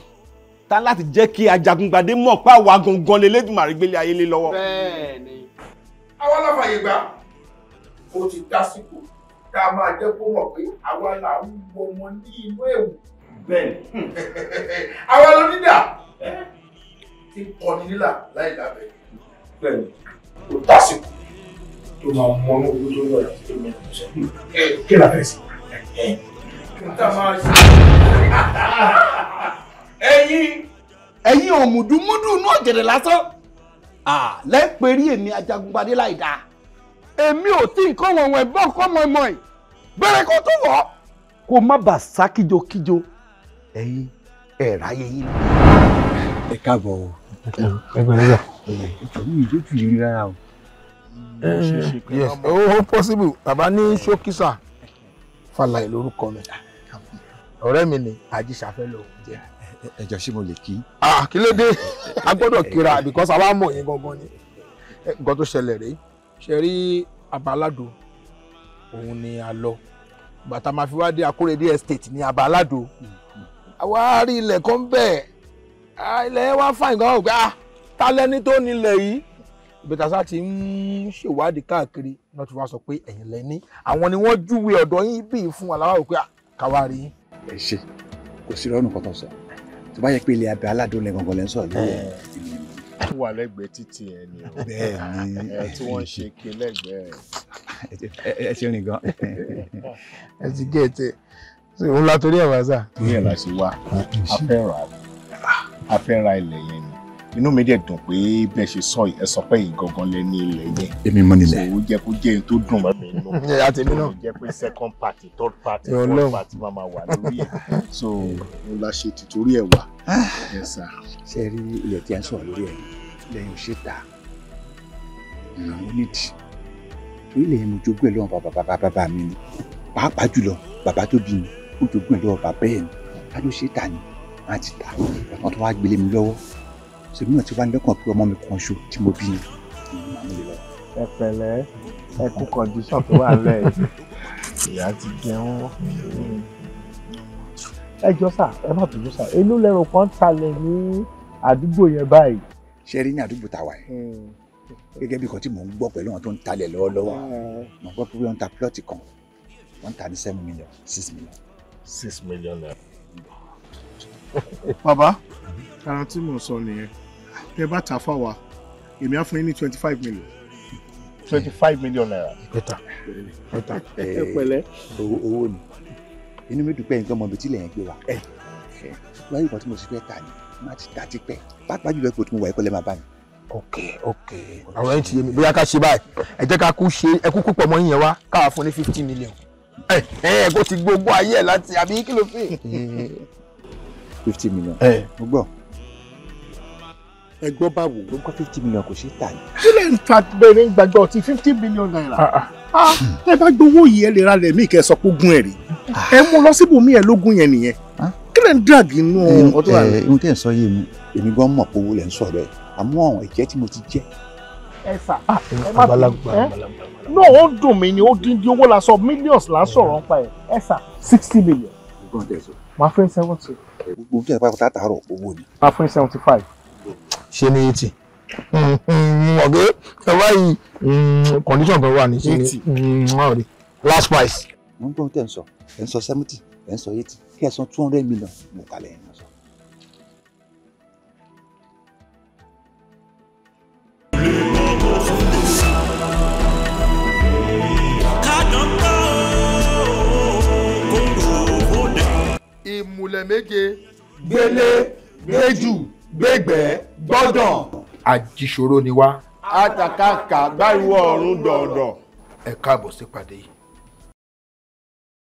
Speaker 1: tá láti jẹ́ kí ajagungbadé mọ̀ pé àwa gangan lè lédùn àrígbélé ayé lé lọ́wọ́. bẹ́ẹ̀ni àwa la fàyè gbà ó ti dásìkò tá a máa jẹ́ kó mọ̀ pé àwa là ń wọ ọmọ ní inú ewu. bẹ́ẹ̀ni àwa ló dídà tí kọni nílà láì lábẹ́ bẹ́ẹ̀ni tó tásìkò tó máa mọ ní owó tó lọ́yà tó mọ ọ̀sẹ̀ kí la fẹ́ sí. níta máa ṣe ẹyin. ẹyin òmùdùmúdù náà jẹ̀dẹ̀ lásán lẹ́pẹ̀rí èmi ajagunpadé láì dáa èmi ò tí nǹkan wọ̀nwọ̀n ẹ̀gbọ́n kọ́ mọ̀ọ́mọ̀ ẹ̀ bẹ́rẹ̀ kó tó wọ̀. kó má bàa sá kíjokíjo ẹ̀yin ẹ̀ráyé yín ẹ káàbọ̀ o. ẹgbẹ̀rún gbà. ìtọ́jú ìjókòó yìí rárá o. yes oh possible bàbá ní ṣókísà Fàlàyé lórúkọ mi ọ̀rẹ́ mi ni àjíṣàfẹ́ ló jẹ́.
Speaker 3: ẹjọ ṣé mo lè kí. kí
Speaker 1: a gbọ́dọ̀ kíra because àwa mọ̀ yín gangan ni nǹkan tó ṣẹlẹ̀ rèé ṣe rí abalado òun ni a lọ bàtà máa fi wá dé Akórèdé estate ní abalado àwa rí ilẹ̀ kan bẹ́ẹ̀ Ah, ilẹ̀ yẹn wá fàìn gan ọ̀gbẹ́ ah ta lẹni tó nílẹ̀ yìí ìbẹ̀tàṣá ti ń ṣèwádìí káàkiri náà ti wá sọ pé ẹ̀yin lẹ́ni àwọn ni wọ́n júwe ọ̀dọ̀ yín bí fún aláwọ̀ pé ah, káwá rí.
Speaker 3: ẹ ṣe kò sí lọ́nà kan tó sọ tó bá yẹ pé ilé abẹ aládùn lẹ gangan lẹ ń sọ lórí eh.
Speaker 1: ẹ. wà lẹ́gbẹ̀ẹ́ títì ẹ ni o bẹ́ẹ̀ ni ẹ tí wọ́n ṣe
Speaker 3: ké lẹ́gbẹ̀ẹ́. ẹ ti rìn gan ẹ ti gé ètè
Speaker 1: òun látòrí ẹ̀ wá sà. torí ẹ̀ la ṣe a fẹ́ rà a fẹ́ ra ilẹ̀ yẹn ni inú mi dẹ̀ dùn pé bẹ́ẹ̀ ṣe sọ ẹ sọ pé yìí gangan lẹ ní ilẹ̀ yẹn èmi mọ nílẹ̀ òun jẹ́ kó jẹ́ tó dùn mọ́ mi nù àtẹ̀mí náà jẹ́ pé second party third party fourth
Speaker 3: party máa ma wà lórí ẹ̀ so mo la ṣe tìtorí ẹ̀ wà. ṣe rí ilẹ̀ tí a ń sọ̀rọ̀ lórí ẹ̀ lẹ́yìn òṣèta ìrànwọ́ nídìí torí ilẹ̀ yẹn mo jogún ẹ̀ lọ́wọ́ bàbá bàbá mi ni pàápàá jùlọ bàbá tó bí mi ó jogún ẹ̀ lọ́wọ́ bàbá ẹ̀ ni a ló ni wọn ti ta wọn tó wá gbélé mi lọ́wọ́ ṣèlú náà ti wá lẹ́kàn pé ọmọ mi kan ṣo tí mo bí ni. ẹ
Speaker 1: pẹ̀lẹ́ ẹ kú kọndíṣọ̀n tó wà lẹ ìyá ti jẹun ẹ jọ sà ẹ má bínú sà inú lẹrun kan talẹ ní
Speaker 3: àdúgbò yẹn báyìí. ṣe rí ní àdúgbò tàwa yìí gẹ́gẹ́ bí nǹkan tí mò ń gbọ́ pẹ̀lú àwọn tó ń talẹ̀ lọ́wọ́lọ́wọ́ mò ń pé wọ́n ń ta plọ́ọ̀tì kan wọ́n ń ta ní seven million six million. six million naira
Speaker 1: bàbá ara tí mò ń sọ nìyẹn tẹ bá tà fáwa èmi á fún yín ní twenty five million. twenty five million naira. ẹ̀ta ẹ̀ta ẹ pẹ̀lẹ́.
Speaker 3: owó ni inú mi dùn pé nǹkan mọ̀bí tí lèyìn gbé wa láyé ìgbà tí mo sì fẹ́ tà ní má ti tà ti pẹ́ pàápàá jùlọ ipò tí mo wà ẹ̀kọ́ lẹ́ máa bá yín. ok ok
Speaker 1: àwọn ẹni tí yé mi bóyá ká ṣe báyìí ẹ jẹ́ ká kú ṣe ẹkú púpọ̀ mọ́ yín yẹn wá káwa fún ní fifty million. ẹ ẹ kó ti gbogbo ayé ẹ láti àbí kí ló
Speaker 3: fẹ́. fifty million. ẹ mo gbọ́ ẹ gbọ́ báwo ló gbọ́ fifty million kò ṣeé tà ní.
Speaker 1: kí lè ta bẹ̀rẹ̀ gbàgbọ́ ti fifty
Speaker 3: million naira. Ah, ah.
Speaker 1: Ah, tẹ bá gbowó yìí ẹ lè ra lẹ̀ mí kẹ́ ẹ sọ pé ogún ẹ̀ rí ẹ mú lọ síbòmí ẹ lógún yẹn nìyẹn kí lè ń drag inú ọdún àná. ẹ
Speaker 3: ohun tẹ́ ẹ sọ yé mi èmi gan mọ̀ pé owó lẹ̀ ń sọ̀rọ̀ ẹ̀ àmọ́ àwọn ẹ̀jẹ̀ tí mo ti jẹ́.
Speaker 1: ẹ sà ẹ má bí ẹ náà ó dùn mí ni ó dín owó la millions la sọ̀rọ̀ ń pa ẹ̀ ẹ sà
Speaker 3: sixty million. máa fẹ́ seventy gbogbo tí hmm, hmm, hmm, ẹ bá kọta tààrọ owó ni. a fún seventy five. ṣe ni eighty ọ̀gẹ́ ẹ báyìí condition kan wà ní ṣe ni last price. mo ń gbọ́ tẹ̀ ń sọ ẹ̀ ń sọ seventy ẹ̀ ń sọ eighty kí ẹ san two hundred million mo kalẹ̀ yẹn.
Speaker 1: ìmùlẹ̀ méje. gbélé gbéjù gbégbẹ́ gbọ́dàn. àjìṣòro ni wá. àtàkàkà gbáriwọ ọ̀run dọ̀ọ̀dọ̀. ẹ káàbọ̀ sípàdé yìí.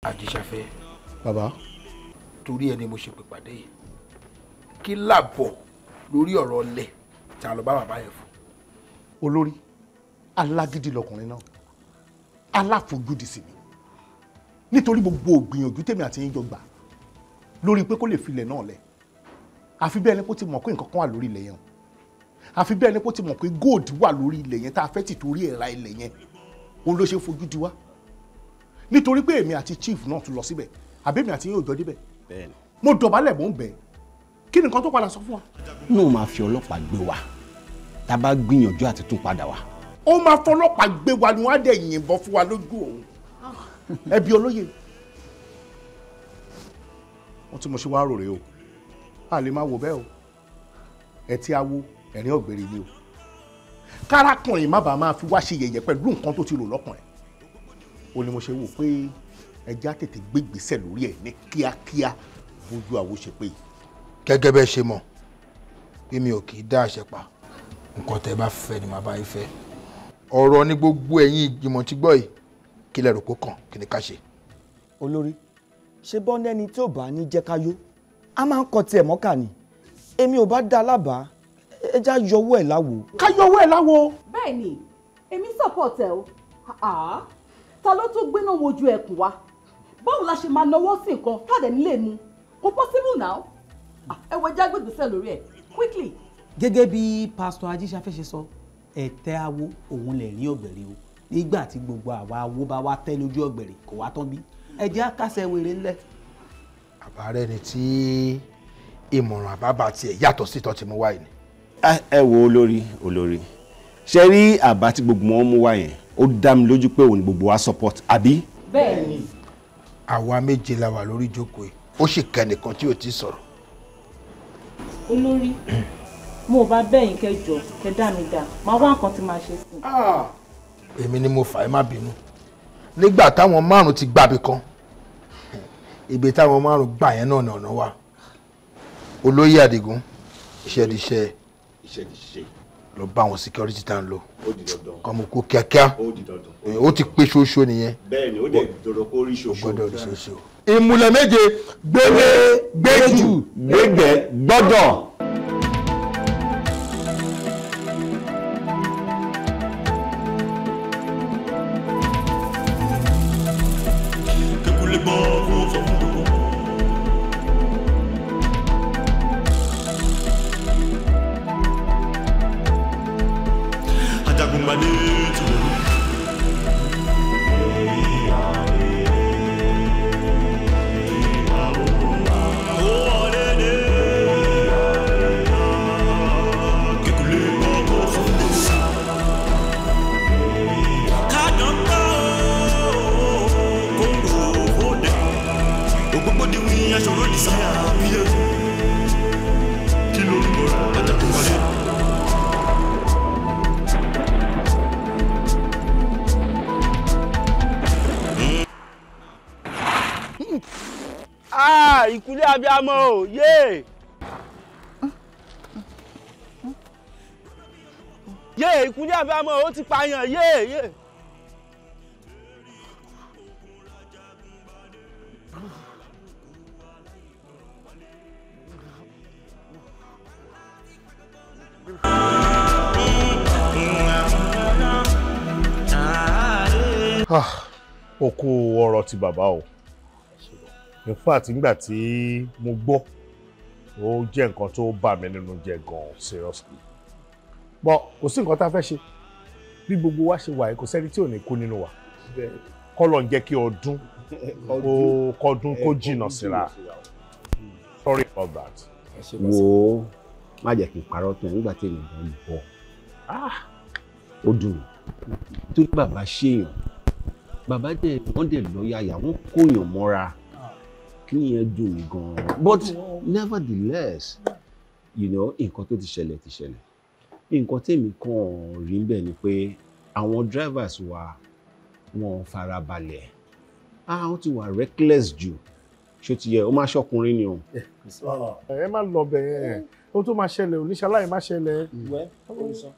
Speaker 1: àjìṣàfẹ́. bàbá. torí ẹ ni mo ṣe pè pàdé yìí. kí làbọ̀ lórí ọ̀rọ̀ ọlẹ̀ tí a lọ bá bàbá yẹn fún. olórí alágídí lọkùnrin náà aláfojúdi sì ni nítorí gbogbo ògbìyànjú tèmi àti yín jọ gbà lórí pé kó lè filẹ̀ náà lẹ̀ àfi bẹ́ẹ̀ ni kó ti mọ̀ pé nǹkan kan wà lórí ilẹ̀ yẹn o àfi bẹ́ẹ̀ ni kó ti mọ̀ pé gold wà lórí ilẹ̀ yẹn tá a fẹ́ ti torí ẹ̀ ra ilẹ̀ yẹn òun ló ṣe fojú di wá nítorí pé èmi àti chief náà tún lọ síbẹ̀ àbí èmi àti yín ò jọ débẹ̀ mo dọ̀bálẹ̀ mò ń bẹ̀ kí ni nǹkan tó padà sọ fún wa. náà máa fi ọlọ́pàá gbé wa tá a bá gbìyànjú àti tún padà wá. ó máa fọlọ́pàá gbé wa ni wọ́n á dẹ̀ yìnbọn fún wa lójú òun ah. ẹbí olóye wọ́n tí mo ṣe wá rò rè o a lè máa wò bẹ́ẹ̀ o ẹ ti awo ẹ̀rín ọ̀gbẹ̀rẹ̀ ni o kárakùnrin má bàa máa fi wá ṣe yẹ̀yẹ̀ pẹ̀lú nǹkan tó ti rò lọ́kàn ẹ̀ o ni mo ṣe wò pé ẹja tètè gbé ìgbésẹ̀ lórí ẹ̀ ní kíákíá bójú àwo ṣe pé. gẹ́gẹ́ bẹ́ẹ̀ ṣe mọ̀ bí mi ò kì í dá àṣẹ pa nǹkan tẹ́ bá fẹ́ ni màá bá yín fẹ́ ọ̀rọ̀ ní gbogbo ẹ̀yin ìgbìmọ̀ tí gbọ́ yìí kí rò pé kàn kí ni ká ṣe. olórí ṣe bọ́ nẹ́ni tí ò bá ní jẹ́ káyó a máa ń kọ tiẹ̀ mọ́kà ni èmi ò bá dá lábàá ẹ já yọwọ́ ẹ̀ láwo. ká yọwọ́ ẹ̀ láwo. bẹ́ẹ̀ ni èmi support ẹ o ta ló tún gbéná wojú ẹkùn wa báwo la ṣe máa náwó sí nǹkan káàdẹ̀ nílé mu kò possible now ẹ wọ ẹja gbègbèsẹ lórí ẹ quickly. gẹ́gẹ́ bí pásítọ̀ ajíṣafẹ́ ṣe sọ ẹ̀tẹ́ awo òun lè rí ọ̀gbẹ̀rẹ̀ o nígbà tí gbogbo àwa awo bá wá tẹ́ lójú ọ̀gbẹ̀rẹ̀ kò wá tán bí ẹ̀jẹ̀ á kásẹ̀ wèrè ńlẹ̀. bàbá rẹ ni tí ìmọ̀ràn àbábà tiẹ̀ yàtọ̀ sí tọ́tí mú wá yìí. ẹ wo olórí olórí ṣe rí àbá tí gbogbo wọn mú wá yẹn ó dá mi lójú pé òun ni gbogbo wa support àbí. bẹ́ẹ̀ni. àwa méje la wà lórí ìjókòó yìí ó sì kẹnìkan tí ò ti sọ̀rọ̀. olórí mo bá bẹ́yìn kẹjọ kẹ dá mi dá máa wá nǹkan tí màá ṣe sí. Ah, èmi ni mo fà ẹ́ má bínú nígbà táwọn márùn ti gbàbí kan ibi táwọn márùn gbà yẹn náà nànà wa olóyè àdìgún ìṣẹ́díṣẹ́ lọ bá àwọn security tá n lò kọ́mọ kó kíákíá ó ti pé ṣoṣo nìyẹn bẹ́ẹ̀ni ó dẹ̀ dọ̀rọ̀ kó rí ṣoṣo gbọ́dọ̀ rí ṣoṣo. ìmùlẹ̀ méje gbélé gbéjù gbégbẹ́ gbọ́dọ̀. ìkúlé abiyamọ o yé. yé ìkúlé abiyamọ o ti pààyàn yé òkú ah, ọ̀rọ̀ ti bàbá o in fact nígbà tí mo gbọ́ ó jẹ́ nǹkan tó bà mí nínú jẹ́ gan seriously but kò sí nǹkan tá a fẹ́ ṣe bí gbogbo wa ṣe wà yìí kò sẹ́ni tí ò ní kú nínú wa kọ́lọ̀ ń jẹ́ kí ọdún kọdún kó jìnnà síra sorry for that. wo
Speaker 3: má jẹ́ kí n parọ́ tó nígbà tí èmi bá ń bọ̀ ah! ó dùn torí bàbá ṣèyàn bàbá dẹ̀ wọ́n dẹ̀ lọ́ọ́yà yà wọ́n kóyàn mọ́ra
Speaker 1: kíni yẹn dùn mí gan-an but nevertheless you know nǹkan tó ti ṣẹlẹ̀ ti ṣẹlẹ̀ nǹkan tèmi kàn rí bẹ́ẹ̀ ni pé àwọn drivers wa wọn farabalẹ̀ ah wọ́n ti wà reckless jù ṣó ti yẹ ó máa ṣọkùnrin ni o. ẹ má lọ bẹ̀ yẹn ó tó máa ṣẹlẹ̀ oníṣàlàyé má ṣẹlẹ̀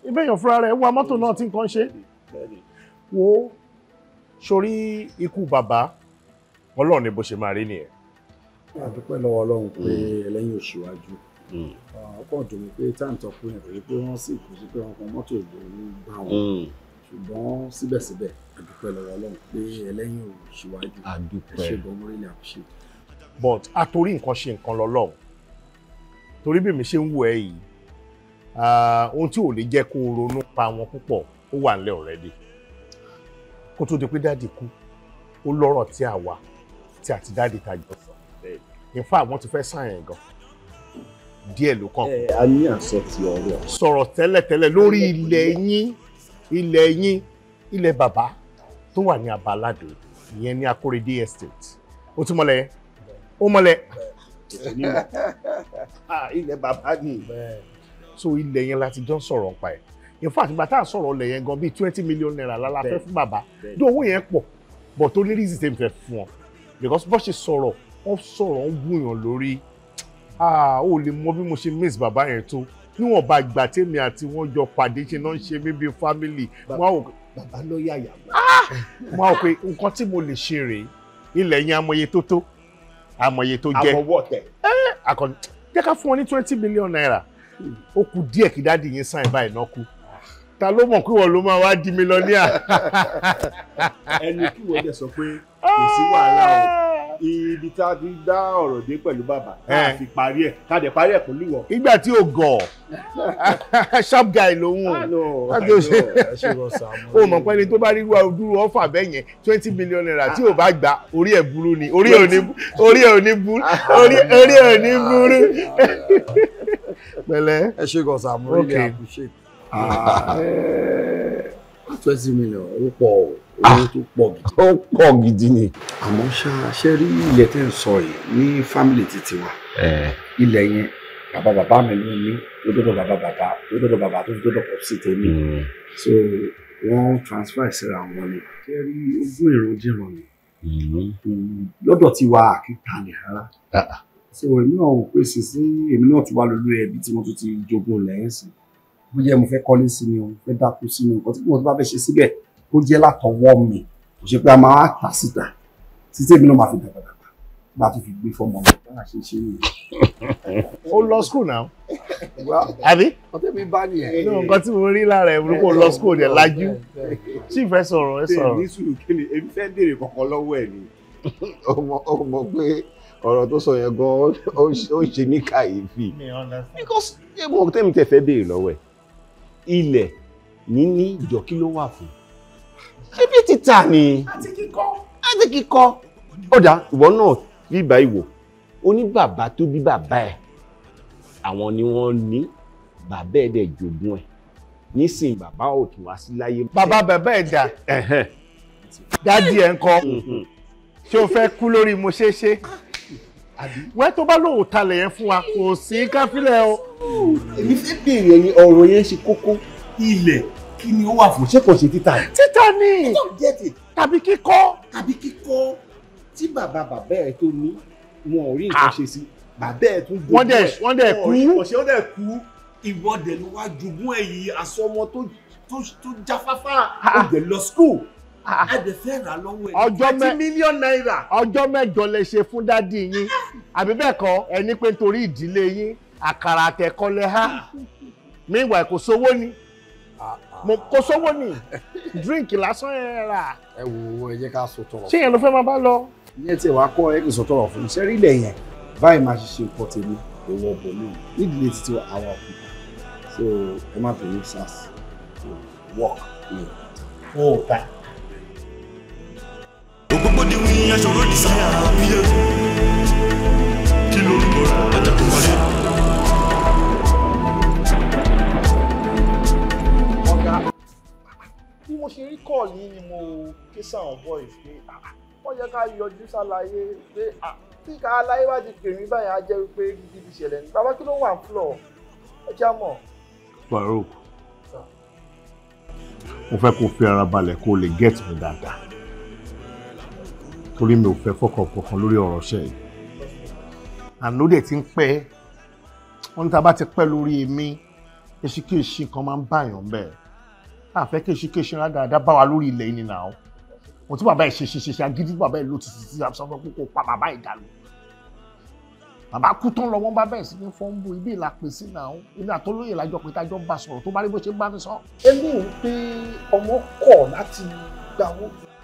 Speaker 1: ibẹ̀ yàn fúnra rẹ̀ wa mọ́tò náà tí nǹkan ṣe wo sórí ikú bàbá ọlọ́run ni bó ṣe máa rí nìyẹn àdúpẹ́ lọ́wọ́ ọlọ́run pé hmm. ẹlẹ́yìn òṣùwájú ọkọ̀ hmm. dùn mí pé táǹtọ̀ pé ẹ̀rọ yìí pé wọ́n sì kú sí pé wọn kan mọ́tò ìgbòho bá wọn hmm. ṣùgbọ́n síbẹ̀síbẹ̀ àdúpẹ́ lọ́wọ́ ọlọ́run pé ẹlẹ́yìn òṣùwájú àdúpẹ́ ṣùgbọ́n mo rí ilé àkùṣe. but àtorí nǹkan ṣe nǹkan lọ́lọ́run torí bí mi ṣe ń wò ẹ́ yìí ohun tí ò lè jẹ́ kó ronú pa wọn púpọ̀ ó wà nílẹ̀ already kó tó di pé dáàdì kú ó lọ́rọ̀ tí a wà tí àti dáàdì ta jọ sọ in fact wọ́n ti fẹ́ sign ẹ̀ gan díẹ̀ ló kàn. ẹ a ní
Speaker 2: àṣẹ ti ọ̀rọ̀.
Speaker 1: sọ̀rọ̀ tẹ́lẹ̀tẹ́lẹ̀ lórí ilẹ̀ yín ilẹ̀ yín ilẹ̀ bàbá tó wà ní abalado ìyẹn ní Akorede estate ó ti mọ̀lẹ́ ó mọ̀lẹ́ ah, ilẹ̀ bàbá ni so ilẹ̀ yẹn láti jọ sọ̀rọ̀ nípa ẹ̀ in fact ìgbà tá a sọ̀rọ̀ ilẹ̀ yẹn gan bíi twenty million naira lálá fẹ́ fún bàbá dé owó yẹn pọ̀ bọ̀ tó ní reason tẹ́ mi fún ọ because bó ṣe sọ̀rọ̀ wọ́n sọ̀rọ̀ ń wúyàn lórí ó lè mọ bí mo ṣe miss bàbá yẹn tó níwọ̀n bá ìgbà tèmi àti wọ́n jọ pàdé ṣe náà ń ṣe mí bíi fámìlì. bàbá ló yà mo ah! á wò pé nǹkan tí mo lè ṣe rèé ilẹ̀ yẹn amòye tó tó amòye tó jẹ́ eh, jẹ́ ká fún wọn ní twenty million naira hmm. ó kù díẹ̀ kí dáàdi yẹn sáìn báyìí náà kú ta ló mọ̀ pé wọ́n ló máa wá di mílíọ̀nìà. ẹni kí wọ́n dẹ̀ sọ pé kò sí wàhálà o ibi tá a ti dá ọ̀rọ̀ dé pẹ̀lú bàbá tá a eh. fi parí ẹ̀ ká dẹ̀ parí ẹ̀ pẹ̀lú wọ. ìgbà tí o gọ̀ sharp guy lòun o láti o ṣe o mọ̀ pé ẹni tó bá rí wá dúró ọ̀fà bẹ́ẹ̀ yẹn twenty million naira tí o bá gbà orí ẹ̀ burú ni orí ẹ̀ ò ní burú orí ẹ̀ ò ní burú. pẹ̀lẹ́ ẹ ṣe gọ̀ọ́sà mo really appreciate. Ah, eh. twenty million ó pọ̀ o ah. owó tó pọ̀ gidi. ó pọ̀ gidi ni. àmọ́ ṣá ṣe rí ilẹ̀ tẹ́ ń sọ yìí ní fámìlì títí wa ilẹ̀ yẹn bàbá bàbá mi ló ní tó dọ́dọ̀ bàbá bàbá tó dọ́dọ̀ bàbá tó dọ́dọ̀ pọ̀ sí tèmi hmm. so wọ́n transfer síra wọn ni ṣe rí ogún ìrandíran ni hmm. lọ́dọ̀ tí wa àkíkà ni rárá ah, so èmi náà ò pèsè sí èmi náà ti wá lórí ẹbí tí wọ́n tún ti jogún lẹ́yìn sí bó jẹ́ mo fẹ́ kọ́lé sí ni o fẹ́ dáko sí ni o nǹkan tí bá fẹ́ ṣe síbẹ̀ ó
Speaker 3: jẹ́ látọwọ́ mi kò ṣe pé a máa tà síta títí èmi náà máa fi dàgbà dàgbà bá a tún fi gbé fọmọ mi
Speaker 1: bá a ṣe ṣe nìyẹn. ó lọ school náà àbí. ọtí mi bá nìyẹn. ní nǹkan tí mo rí lára ẹ̀ rúkọ lọ school rẹ̀ lajú tí ìfẹ́ sọ̀rọ̀ ẹ sọ̀rọ̀. ní sùúrù kíni èmi fẹ́ dèrè kankan lọ́wọ́ ẹ̀ ni ọmọ pé ọ̀rọ̀ tó sọ yẹn gan-an ó ṣe ní kàyéfì. because ebo tẹ́mi tẹ̀ fẹ́ béèrè lọ́wọ́ ẹ̀ ilẹ̀ níní ìjọ kí ló wà fún ṣé bí títà ni àti kíkọ́ àti kíkọ́ ọ̀dà ìwọ náà bíbá ìwò oní bàbá tó bí bàbá ẹ̀ àwọn ni wọ́n ní bàbá ẹ̀ dẹ̀ jogún ẹ̀ nísìnyí bàbá ò tún wá sí láyé. bàbá bàbá ẹ̀ dà dádì ẹ̀ ń kọ́ ṣé o fẹ́ kú lórí mo ṣeé ṣe wẹ́ẹ́ tó bá lòun talẹ̀ yẹn fún wa kò sí káfílẹ̀ o. èmi fẹ́ béèrè ẹni ọ̀rọ̀ yẹn ṣe kókó ilẹ̀ kí ni ó wà fún ṣé kò ṣe títà. títà ni tàbí kíkọ́. tàbí kíkọ́ tí bàbá bàbá ẹ tó ní wọn ò rí nǹkan ṣe sí bàbá ẹ tún gbogbo ẹ wọ́n dẹ̀ kú ọ̀ṣẹ́ wọ́n dẹ̀ kú ìwọ́dẹ̀ ló wá jogún ẹ̀yìn asọ́mọ tó jáfáfá ó dẹ̀ lọ school àdẹ̀fẹ́
Speaker 3: ah. rà lọ́wọ́ ẹ̀ twenty
Speaker 1: million naira. ọjọ́ mẹ́jọ lè ṣe fún dádì yín àbí bẹ́ẹ̀ kọ́ ẹni pé nítorí ìdílé yín àkàrà àtẹ̀kọ́ lẹ há mi ìwà kò sówó ni kò sówó ni drink lásán ẹ rà. ẹ wo ẹ jẹ́ ká sọ tọrọ. ṣé yẹn ló fẹ́ máa bá lọ. ìyẹn tí wàá kọ ẹ kì í sọ tọrọ fún mi sẹ́rí ilẹ̀ yẹn báyìí máa ṣiṣẹ́ ìkọ́ tèmi èèwọ̀ bọ̀ lóyún nídìílé títí àwọn òkúta so ẹ má bẹ̀rẹ̀ sars work. Yeah. Oh, that ògbógbòdì wí aṣòro desire àbíyẹ
Speaker 4: kí lorúkọ rẹ ẹjẹ kò wọlé.
Speaker 1: bí mo ṣe rí kọ́ọ̀lì ni mo ké sáwọn boys pé ah, ah, wọ́n yẹ ká yọjú ṣàlàyé pé ah, tí ká aláyé wá di pè mí báyìí á jẹ́ wípé gidi ti ṣẹlẹ̀ ní bàbá kí ló wà ń flọ̀ ẹ já mọ̀. Farouk mo fẹ́ kó fi ara balẹ̀ kó lè get mi dáadáa torí mi ò fẹ́ fọkàn kankan lórí ọ̀rọ̀ ṣẹ́ yìí àná dẹ̀ ti ń pẹ́ wọ́n ní ta bá ti pẹ́ lórí èmi keṣíkeṣí kan máa ń báyàn bẹ́ẹ̀ àfẹ́ keṣíkeṣí rán dáadáa bá wa lórí ilẹ̀ yìí nìyà ó mo tún bàbá ẹ̀ ṣe ṣe ṣe ṣe agídí bàbá ẹ̀ ló ti ti sọ́kọ́ kókó pa bàbá ẹ̀ dànù bàbá kú tán lọ wọ́n bá bẹ̀rẹ̀ sí ní fọ́ńbù ibi ìlà pè sí náà ilé àtọ́lóyè lájọ pé tájọ́ bá sọ̀rọ̀ tó bá rí bó ṣe bá mi sọ. eléyìí pé ọmọ kọ̀ láti gba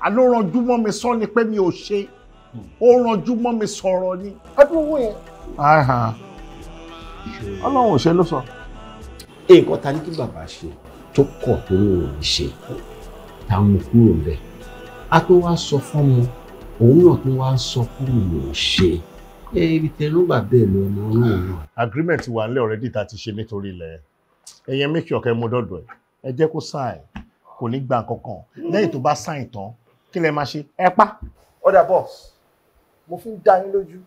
Speaker 1: àló ranjú mọ́ mi sọ ni pé mi ò ṣe ó ranjú mọ́ mi sọ̀rọ̀ ni. ọdún owó yẹn. ọlọ́run ò ṣe ló sọ. nǹkan ta ni kí bàbá ṣe tó kọ̀ tó ní òun ṣe táwọn kúrò bẹ́ẹ̀ a tó wá sọ fún mi òun náà tó wá sọ fún mi ò ṣe ibi tẹnubà bẹ́ẹ̀ lọ ọmọ ọ̀run ọ̀run. agreement wà nílẹ̀ already tá a ti ṣe nítorí ilẹ̀ ẹ̀yẹn make sure kẹ́ ẹ mọ dọ́dọ̀ ẹ̀ ẹ jẹ́ kó sign kò ní gba kankan lẹ́yìn tó bá sign tán kí lẹ máa ṣe ẹ ọ̀dà boss mo fi ń dá yín lójú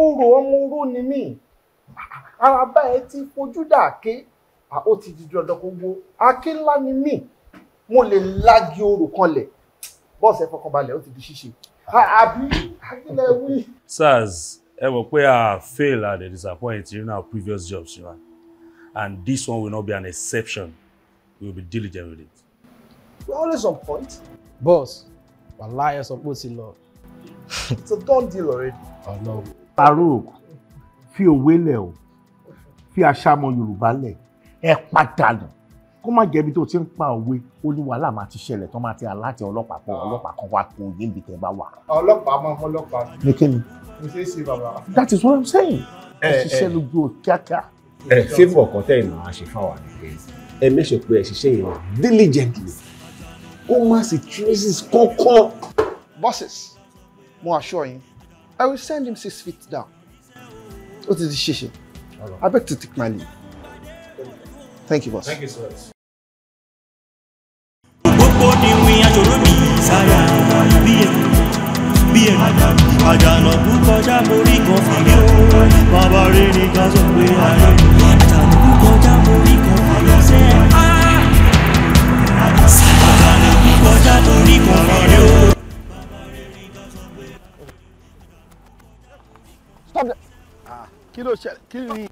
Speaker 1: oró ọmọ oró ni mí ara báyẹn ti fojú dàáké ó ti di dandan gbogbo aké ńlá ni mí mo lè lági oró kan lẹ̀ bọ́ọ̀sì ẹ fọkàn balẹ̀ ó ti di ṣíṣe àbí akílẹ̀ wí. sars ẹ mọ̀ pé a fail and a disappoint in our previous jobs you know? and this one will not be an exception we will be diligent with it. we always on point boss wàláyé sọ pé ó ti lọ. it's a done deal already. ọ̀nà Farouk fi òwe lẹ̀ o fi àṣàmọ̀ Yorùbá lẹ̀ ẹ pàdánù kó má jẹ́ ibi tó ti ń pa òwe ó ní wàhálà máa ti ṣẹlẹ̀ tó máa ti aláàtì ọlọ́pàá pọ̀ ọlọ́pàá kan wá kó yé ibi tẹ́ bá wà. ọlọ́pàá máa fọ́ ọlọ́pàá. ní ni. mo ṣe é ṣe bàbá. that is what i'm saying. ẹ ẹ ṣiṣẹ́ lójú o kíákíá. ẹ fífọ̀ ọ̀kan tẹ́ ìmọ̀ àṣefáwà ni pé ẹ mẹ́sàn-án pé ẹ ṣiṣẹ́ yẹn diligently ó má sì traces kankan. bosses mo assure yín i will send him six feet down ó ti di ṣíṣe i beg to take my leave thank you boss.
Speaker 4: gbogbo ni ìrìn àjò lómi sára bí ẹ bí ẹ àjànà
Speaker 2: kúkọjá borí kan fìdí ó bàbá rẹ ní ká sọ pé àjànà kúkọjá borí kan fìdí.
Speaker 4: kọjá torí kò mọ̀ rí o.
Speaker 1: kí ló ṣẹlẹ̀ kí ni.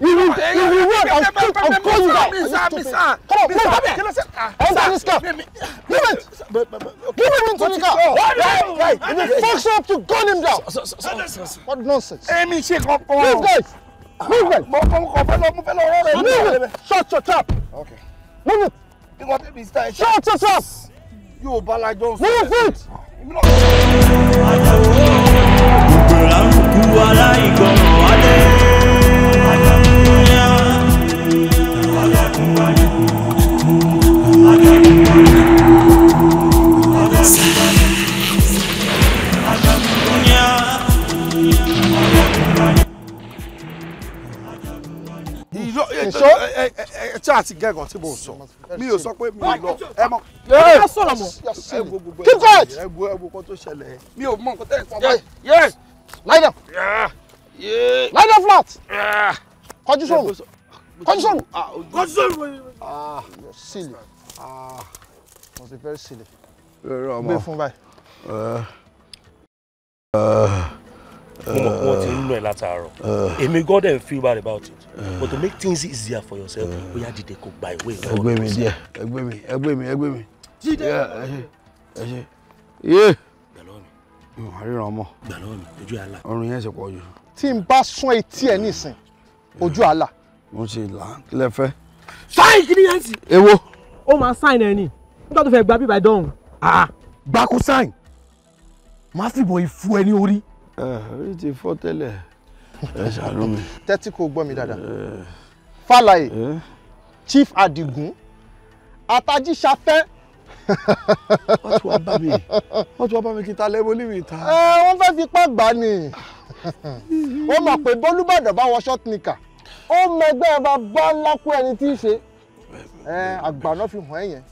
Speaker 1: You will, you will work and still and call you back. Misa, Misa, come on, come here. Enter this car. Give it. Give him into the car. Right, right. If he fucks up, you gun him down. What nonsense. Emi, shake up. Move, guys. Move, guys. Move it. Shut your trap. Okay. Move it nǹkan tẹ́mi sítá ẹ̀ ṣe. shut shut yóò bá lajọ sọ. move it.
Speaker 2: àjàwó gbèrà ń kú
Speaker 1: nṣó. ẹ ẹ ṣé àti gẹ́gàn tí mo sọ mi ò sọ pé mi ò lọ ẹ mọ. ẹ ẹ sọ̀rọ̀ mọ́ keep quiet. ẹ wo ẹ wo kó tó ṣẹlẹ̀ mi ò mọ nǹkan tẹ́ ẹ̀ sọ báyìí. yes lie down lie down flat kọjú sóòrùn kọjú sóòrùn. kọjú sóòrùn. ah you're silly ah must be very silly. gbé fún báyìí. Eh. Eh
Speaker 4: mo mọ̀ pé wọ́n ti ń lọ ẹ̀ látàárọ̀
Speaker 1: god dem feel bad about it but to make things easier for yourself bóyá dìde kò gba ìwé ìwọ. ẹgbẹ́ mi díẹ̀ ẹgbẹ́ mi ẹgbẹ́ mi ẹgbẹ́ mi. jíde ẹ ṣe ẹ ṣe yé. gbẹ̀lọ́ mi. àríran ọmọ. gbẹ̀lọ́ mi ojú àlà. ọrùn yẹn ṣe pọ̀ jù. tí n bá sún etí ẹ nísìn ojú àlà. mo ṣe là kí lẹ fẹ́. sáì kí ni yẹn sì. èwo. ó máa sáìn ẹni nígbà tó fẹ́ gba bíbá ìdánwò. Ah, gbàkú sáìn máa fìbọn ìfu ẹni orí orí ti fọ́ tẹ́lẹ̀ ẹ ṣàánú mi. tẹ́tí kò gbọ́ mi dáadáa Fálàyé Chief Adigun atajísafẹ́ wọ́n ti wá bá mi wọ́n ti wá bá mi kí n ta lẹ́wọ́ ní ìta. ẹ wọ́n fẹ́ fi pẹ́ gbà ni wọ́n mọ̀ pé bọ́lúbàdàn bá wọ short nika ó mọ ẹgbẹ́ bá bá ńlá kú ẹni tí í ṣe àgbà náà fi hàn ẹ́ yẹn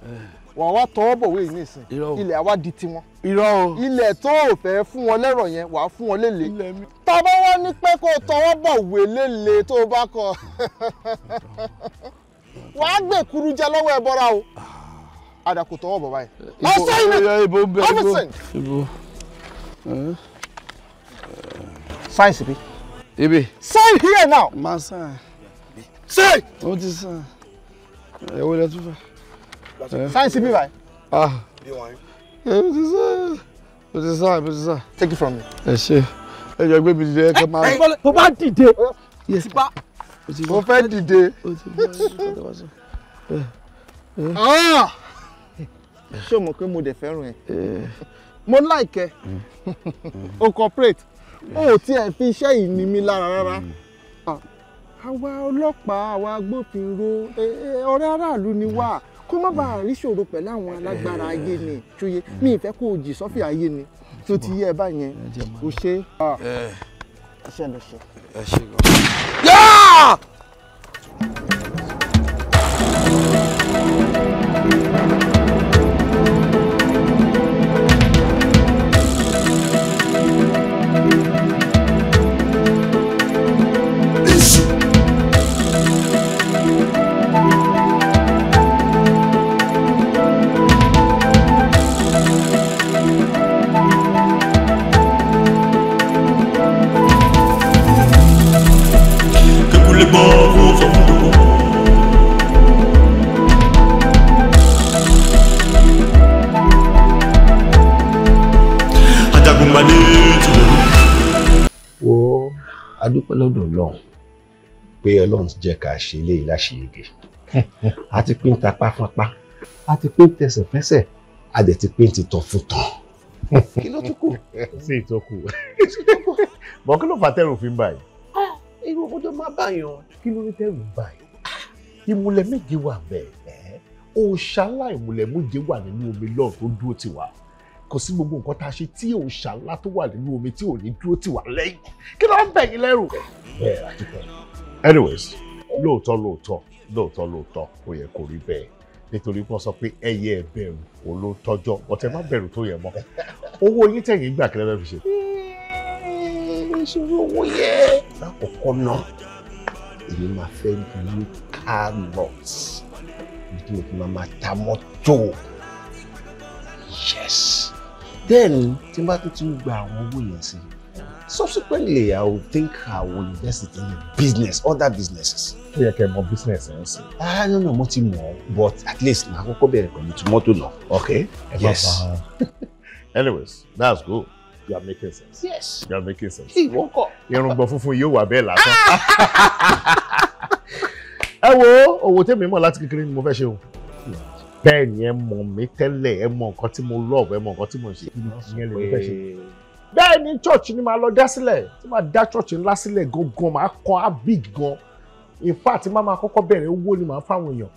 Speaker 1: wọ́n wá tọwọ́ bọ̀wé yìí nìsín ilẹ̀ àwa di tiwọn. irọ́ o ilẹ̀ tó o fẹ́ fún wọn lẹ́rọ̀ yẹn wàá fún wọn lélẹ̀. tọ́bọ̀ wá ní pé kó o tọwọ́ bọ̀wé lélẹ̀ tó o bá kọ wàá gbé kuru jẹ lọ́wọ́ ẹ bọ́ra o àdàkù tọwọ́ bọ̀ báyìí. ọ̀sẹ̀ yìí ibo bẹ̀ ibo ibo. sáyẹ̀nsì bi. ibi. sign here now. ma sign. sign. o ti sign. ẹ wo lẹ tún fẹ́. Eh? sáyẹnsì CP, báyìí. ah eh, mo is sá mo is sá mo is sá. take it from me. ẹ ṣe ẹ jọ gbé mi dìde ẹ kẹ máa. Eh, mo bá Yes, mo fẹ́ dìde. Ah! ṣé o mọ̀ pé mo dẹ̀ fẹ́ràn ẹ mo mm. oh corporate, oh o ò tiẹ̀ fi iṣẹ́ yìí ní mi lára rárá mm. ah, àwa ọlọ́pàá àwa agbófinró ọ̀rẹ́ aráàlú ni wá kó má bàa ríṣòro pẹ̀lú àwọn alágbára ayé ni ṣóye mi ìfẹ́ kó o jì sọ́fì ayé ni tó ti yé ẹ báyẹn o ṣe
Speaker 3: ah. iṣẹ́ lọ ṣe. ẹ ṣe
Speaker 1: gan. adúpẹ́ lọ́dọ̀ ọlọ́run pé ọlọ́run ti jẹ́ ká ṣe
Speaker 3: eléyìí láṣeyege a ti pín tapá fapá a ti pín tẹsẹ̀ fẹsẹ̀ a dẹ̀ ti pín titàn fún tàn kí ló
Speaker 1: tún kù. sí ìtọ́kù bọ́ kí ló fà tẹ́rù fi ń báyìí. Ah, irú ọjọ́ máa báyàn kí ló ní tẹ́rù ń báyìí. Ah, ìmùlẹ̀ méje wà bẹ́ẹ̀ òòṣà láìmùlẹ̀ méje wà nínú omi lọ́ọ̀ tó dúró tì wá kò sí gbogbo nǹkan tá a ṣe tí ò ṣàlá tó wà nínú omi tí ò ní dúró tì wá lẹ́yìn kí ló ń bẹ̀ yín lẹ́rù. anyways lóòótọ́ lóòótọ́ lóòótọ́ lóòótọ́ ó yẹ kó rí bẹ́ẹ̀ nítorí wọ́n sọ pé ẹyẹ bẹ̀rù olótọ́jọ́ ọ̀tẹ̀ má bẹ̀rù tó yẹ mọ́ owó yín tẹ̀yìn gbà kílẹ̀ fẹ́ fi ṣe. ìṣòro owó yẹ. lákòókò náà èmi máa fẹ́ lu carrots nítorí mo fi máa ta mọ́tò yes. Then, tí n bá tún ti gba àwọn owó yẹn sí, subsequently I would think I will invest it in a business, other businesses. Ó yẹ kẹ́ mọ business ẹ̀ ń sìn. Ah no no mo ti mọ̀ but at least màá kọ́kọ́ bẹ̀rẹ̀ pẹ̀lú tòmọ́tò náà. Okay. Yes. Anyways, that's good. You are making sense. Yes. You are making sense. Ìwọ kọ. Irùngbọ̀n funfun yóò wà bẹ́ẹ̀ lásán. Ẹ wo owó tèmi mọ̀ láti kékeré ni mo fẹ́ ṣe o bẹ́ẹ̀ ni ẹ mọ̀ mí tẹ́lẹ̀ ẹ mọ̀ nǹkan tí mo love ẹ mọ̀ nǹkan tí mo ṣe. bẹ́ẹ̀ ni church ni màá lọ dá sílẹ̀ tí màá dá church ńlá sílẹ̀ gangan màá kan á big gan in fact má máa kọ́kọ́ bẹ̀rẹ̀ owó ni màá fáwọn èèyàn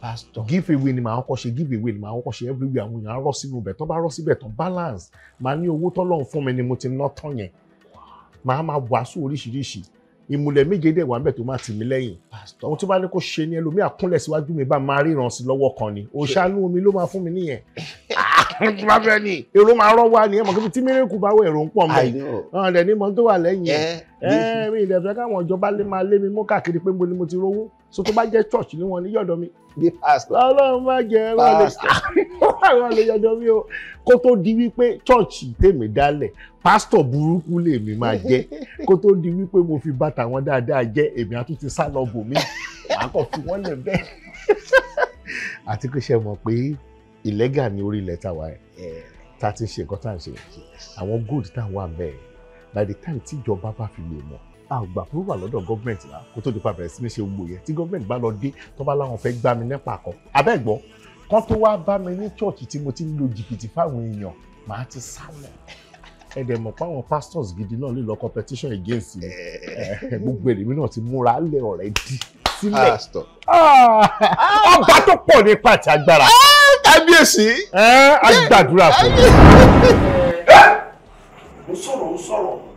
Speaker 1: pastor. give away ni màá kọ́ ṣe give away ni màá kọ́ ṣe everywhere àwọn èèyàn á rọ́ sínú ibẹ̀ tó bá rọ́ síbẹ̀ tó balance màá ní owó tọ́lọ́run fún mi ni mo ti ná tán yẹn màá máa wàásù oríṣiríṣi ìmùlẹ̀ méje dẹ̀ wà níbẹ̀ tó máa tì mí lẹ́yìn ohun tí bá ní kó ṣe ni ẹlòmíà kúnlẹ̀ síwájú mi bá máa ríran sí lọ́wọ́ kan ni òṣàánú mi ló máa fún mi nìyẹn tí bá fẹ́ ni èrò máa rọ́ wá ni mọ̀ kí tí mírèkù bá wọ èrò ń pọ̀ mọ́ ọ̀hún ẹ̀ ní mọ̀ tó wà lẹ́yìn ẹ̀ eh, eh, mi ìdẹ̀fẹ́ káwọn ìjọba lé máa lé mi mú káàkiri pé mo ni mo ti rówó so tó bá jẹ́ church ni wọ́n ní yọ̀dọ̀ mi. bí pastor ọlọ́run má jẹ́ wọ́n lè yọ̀dọ̀ mi o kó tó di wípé church tèmi dálẹ̀ pastor burúkú lèmi máa jẹ́ kó tó di wípé mo fi bàtà wọn dáadáa jẹ́ èmi àtún ti sá lọ bò mí màá kàn fi wọ́n lẹ̀ bẹ́ẹ̀. àti kò ṣe mọ̀ pé ìlẹ́gà ni orí ilẹ̀ tàwa ẹ̀ tá a ti ṣe nǹkan tá a ṣe àwọn gold tá a wà bẹ́ẹ̀ by the time tíjọba bá fi lè mọ̀ àgbà tó wà lọ́dọ̀ gọ́ọ̀mẹ̀ntì rà kó tó di pa bẹ̀rẹ̀ sí ní ṣe gbogbo yẹn tí gọ́ọ̀mẹ̀ntì bá lọ dé tó bá láwọn fẹ́ gbá mi nípa kan abẹ́gbọ́ kan tó wá bá mi ní chọ́ọ̀chì tí mo ti ń lo jìbìtì fáwọn èèyàn màá ti sá ẹ dẹ̀ mọ̀ páwọn pastors gidi náà lè lọ competition against mi gbogbo èmi náà ti múra lẹ̀ ọ̀rẹ́ dì sílẹ̀ ah! ọba tó pọ̀ ní pàtì agbára ah! kábíyèsí eh, a gbàdúrà fún mi. mo sọ̀rọ̀ mo sọ̀rọ̀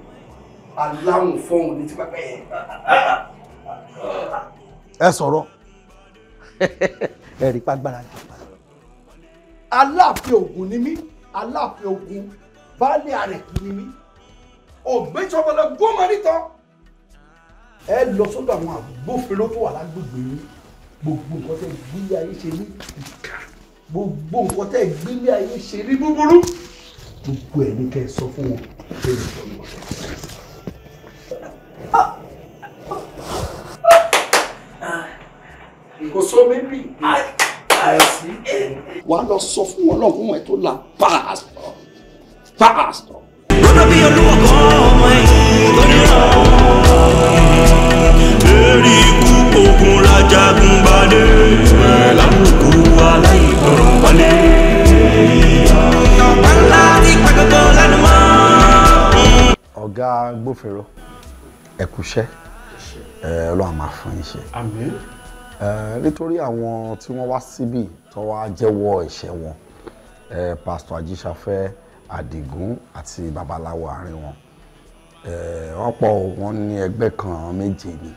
Speaker 1: aláwọ̀ fọ́hùn létí pẹ́pẹ́ yẹn. ẹ sọ̀rọ̀ ẹ̀rí pàgbára ni. aláàfin Ògún ni mí aláàfin Ògún baálé àrẹ̀kí ni mí ọ̀gbẹ́jọba gómọ nítàn ẹ lọ sọ́dọ̀ àwọn agbófinró tó wà lágbègbè yìí gbogbo nǹkan tẹ́ gbélé ayé ṣe ní ìka gbogbo nǹkan tẹ́ gbélé ayé ṣe ní búburú
Speaker 3: gbogbo ẹ̀ ní kẹ́ sọ fún wọn
Speaker 1: kò sómi bì àìsí. wà á lọ sọ fún wọn lọ́gùn ẹ̀ tó la pásítọ̀ pásítọ̀. gbọ́dọ̀ bí olúwa kan
Speaker 2: ọmọ ẹ̀yìn tó ní lọ. eré ikú ogun lajagun gbadé lábùkù aláìgbọràn wálé.
Speaker 1: ọ̀gá agbófinró ẹ kúṣẹ́ ọlọ́run máa fún yín ṣe. àmín. nítorí àwọn tí wọ́n wá síbí tó wá jẹ́wọ́ ẹ̀ṣẹ̀ wọn pásítọ̀ ajíṣafẹ́ àdìgún àti babaláwo àárín wọn wọ́n pọ̀ wọ́n ní ẹgbẹ́ kan méje ni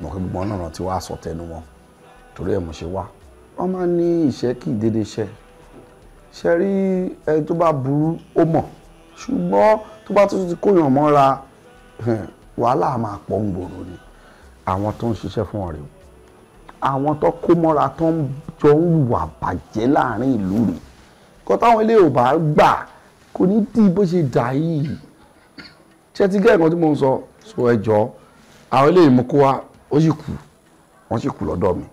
Speaker 1: mo kí gbogbo náà ti wá sọ tẹnu wọn torí ẹ̀ mo ṣe wá wọ́n máa ń ní ìṣẹ́ kì í dédé ṣẹ ṣe rí ẹni tó bá burú ó mọ̀ ṣùgbọ́n tó bá tún ti kóyàn mọ́ra wàhálà máa pọ̀ ń gbòòrò ni àwọn tó ń ṣiṣẹ́ fún ọ̀rẹ́ o àwọn tó kó mọ́ra tó ń jọ ń wà bàjẹ́ láàrin ìlú rè kọ́ táwọn ilé ò bá gbà kò ní dí bó ṣe dà yìí ṣé ti gẹ́ nǹkan tí mo ń sọ so ẹ jọ àwọn ilé ìmú kó wa ó sì kù wọ́n sì kù lọ́dọ̀ mi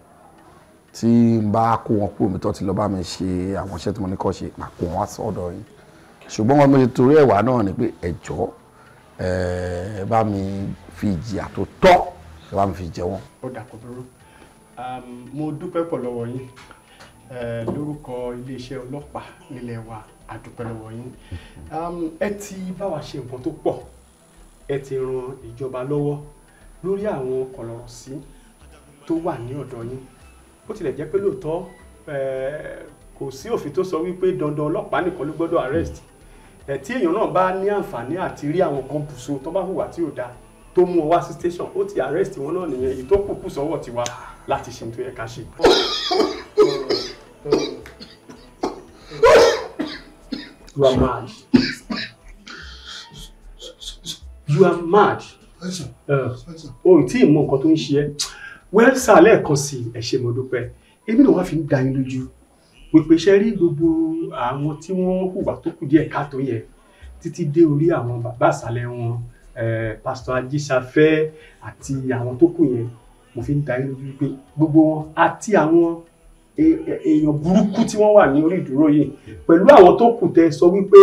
Speaker 1: tí n bá kó wọn kú omi tó ti lọ bá mi ṣe àwọn iṣẹ́ tí mo ní kọ́ ṣe màá kó wọn wá sọ́dọ̀ yìí ṣùgbọ́n wọn mo ṣe torí ẹ̀wà náà ni pé ẹ ẹ bá mi fi ìjìyà tó tọ́ ẹ bá mi fi jẹ wọ́n. ó dà kó burú mo dúpẹ́ pọ̀ lọ́wọ́ yín lórúkọ iléeṣẹ́ ọlọ́pàá nílẹ̀ wa a dúpẹ́ lọ́wọ́ yín ẹ ti bá wa ṣe nǹkan tó pọ̀ ẹ ti ran ìjọba lọ́wọ́ lórí àwọn kọ̀lọ̀rọ̀sí tó wà ní ọ̀dọ̀ yín bó tilẹ̀ jẹ́ pé lóòótọ́ kò sí òfin tó sọ wípé dandan ọlọ́pàá nìkan ló gbọ́dọ̀ arrest ẹ̀ tí èèyàn náà bá ní àǹfààní àti rí àwọn kan bùṣọ tó bá hùwà tí ò dáa tó mú ọ wá sí station ó ti arrest wọn náà nìyẹn èyí tó kù kù sọ́wọ́ tiwa láti ṣe nítorí ẹ̀ka ṣe. You are mad. You are mad. O ì tí ì mọ nǹkan tó ń ṣe ẹ́. Well sir lẹ́ẹ̀kan sí ẹ ṣé mo dúpẹ́. Èmi náà wá fi ń dá yín lójú pèpè ṣe rí gbogbo àwọn tí wọ́n hùwà tó kù díẹ̀ káàtó yẹ títí dé orí àwọn bàbá àṣàlẹ̀ wọn pásítọ̀ ajíṣafẹ́ àti àwọn tó kù yẹn mo fi ń darí lójú pé gbogbo wọn àti àwọn e, e, èèyàn burúkú tí wọ́n wà ní orí ìdúró yìí pẹ̀lú àwọn tó kù tẹ sọ wípé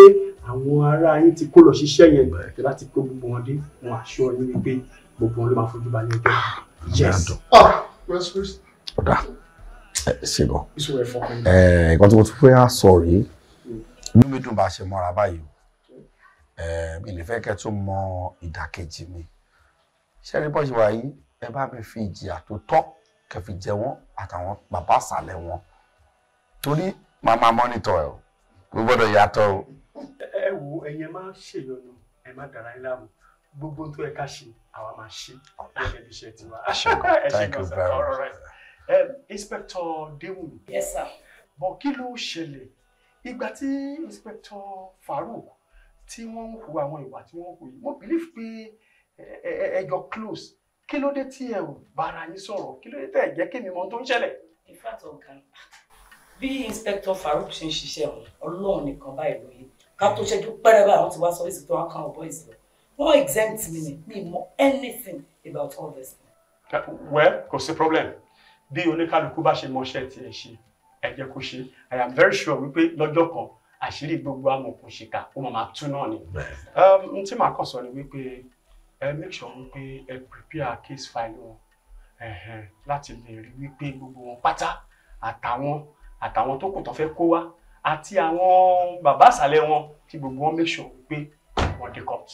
Speaker 1: àwọn ará yín ti kó lọ ṣiṣẹ́ yẹn tẹ láti kó gbogbo wọn dé wọn àṣọ yín wípé gbogbo wọn ló máa fojú balẹ̀ ẹjọ́ yes. Ah, ṣe gan. nǹkan tí mo tún fẹ́ á sọ rèé inú mi dùn bá a ṣe mọ́ra báyìí o ilé fẹ́ kẹ́ tó mọ ìdàkejì mi ṣé rí bọ́ọ̀ṣì wa yìí ẹ bá mi fi ìjìyà tó tọ́ kẹ́ fi jẹ wọ́n àtàwọn bàbá àṣàlẹ̀ wọn torí màá máa mọ́nítọ̀ ẹ̀ o
Speaker 3: kò gbọ́dọ̀ yàtọ̀ o.
Speaker 1: ẹ wo ẹyẹ máa ṣèyọnu ẹ má dara ẹ láàmú gbogbo tó ẹ ká ṣe àwa máa ṣe ẹ kẹbi ṣe tiwa. ẹ ṣe kọsán ọ̀rọ̀ inspector Déwùmí. yes sir. bọ̀ kí ló ṣẹlẹ̀ ìgbà tí inspector Farouk tí wọ́n ń hu àwọn ìwà tí wọ́n hu yìí mo believe pé ẹjọ́ close kí ló dé tí ẹ ò bára yín sọ̀rọ̀ kí ló dé tẹ́ ẹ jẹ́ kí mi mọ ohun tó ń ṣẹlẹ̀. in fact ọ̀gá bí inspector Farouk ṣe ń ṣiṣẹ́ ọ̀hún ọlọ́run nìkan báyìí ló yẹ ká tó ṣẹ́jú pẹ́rẹ́ báyìí àwọn ti wá sọ èsì tó wá kan ọ̀bọ ìsìn wọ́n exempt mi ni mi mọ anything about all this. well kò sí problem bí oníkálukú bá ṣe mọṣẹ́ tiẹ̀ ṣe ẹ jẹ́ kó ṣe i am very sure wípé lọ́jọ́ kan àṣírí gbogbo amòkùn ṣìkà ó máa máa tú náà ni. Um, n tí màá kàn sọ ni wípé ẹ make sure wípé ẹ prepare case file wọn láti lè rí wípé gbogbo wọn pátá àtàwọn àtàwọn tó kù tó fẹ́ kó wá àti àwọn bàbá àsàlẹ̀ wọn tí gbogbo wọn make sure wípé wọn dey court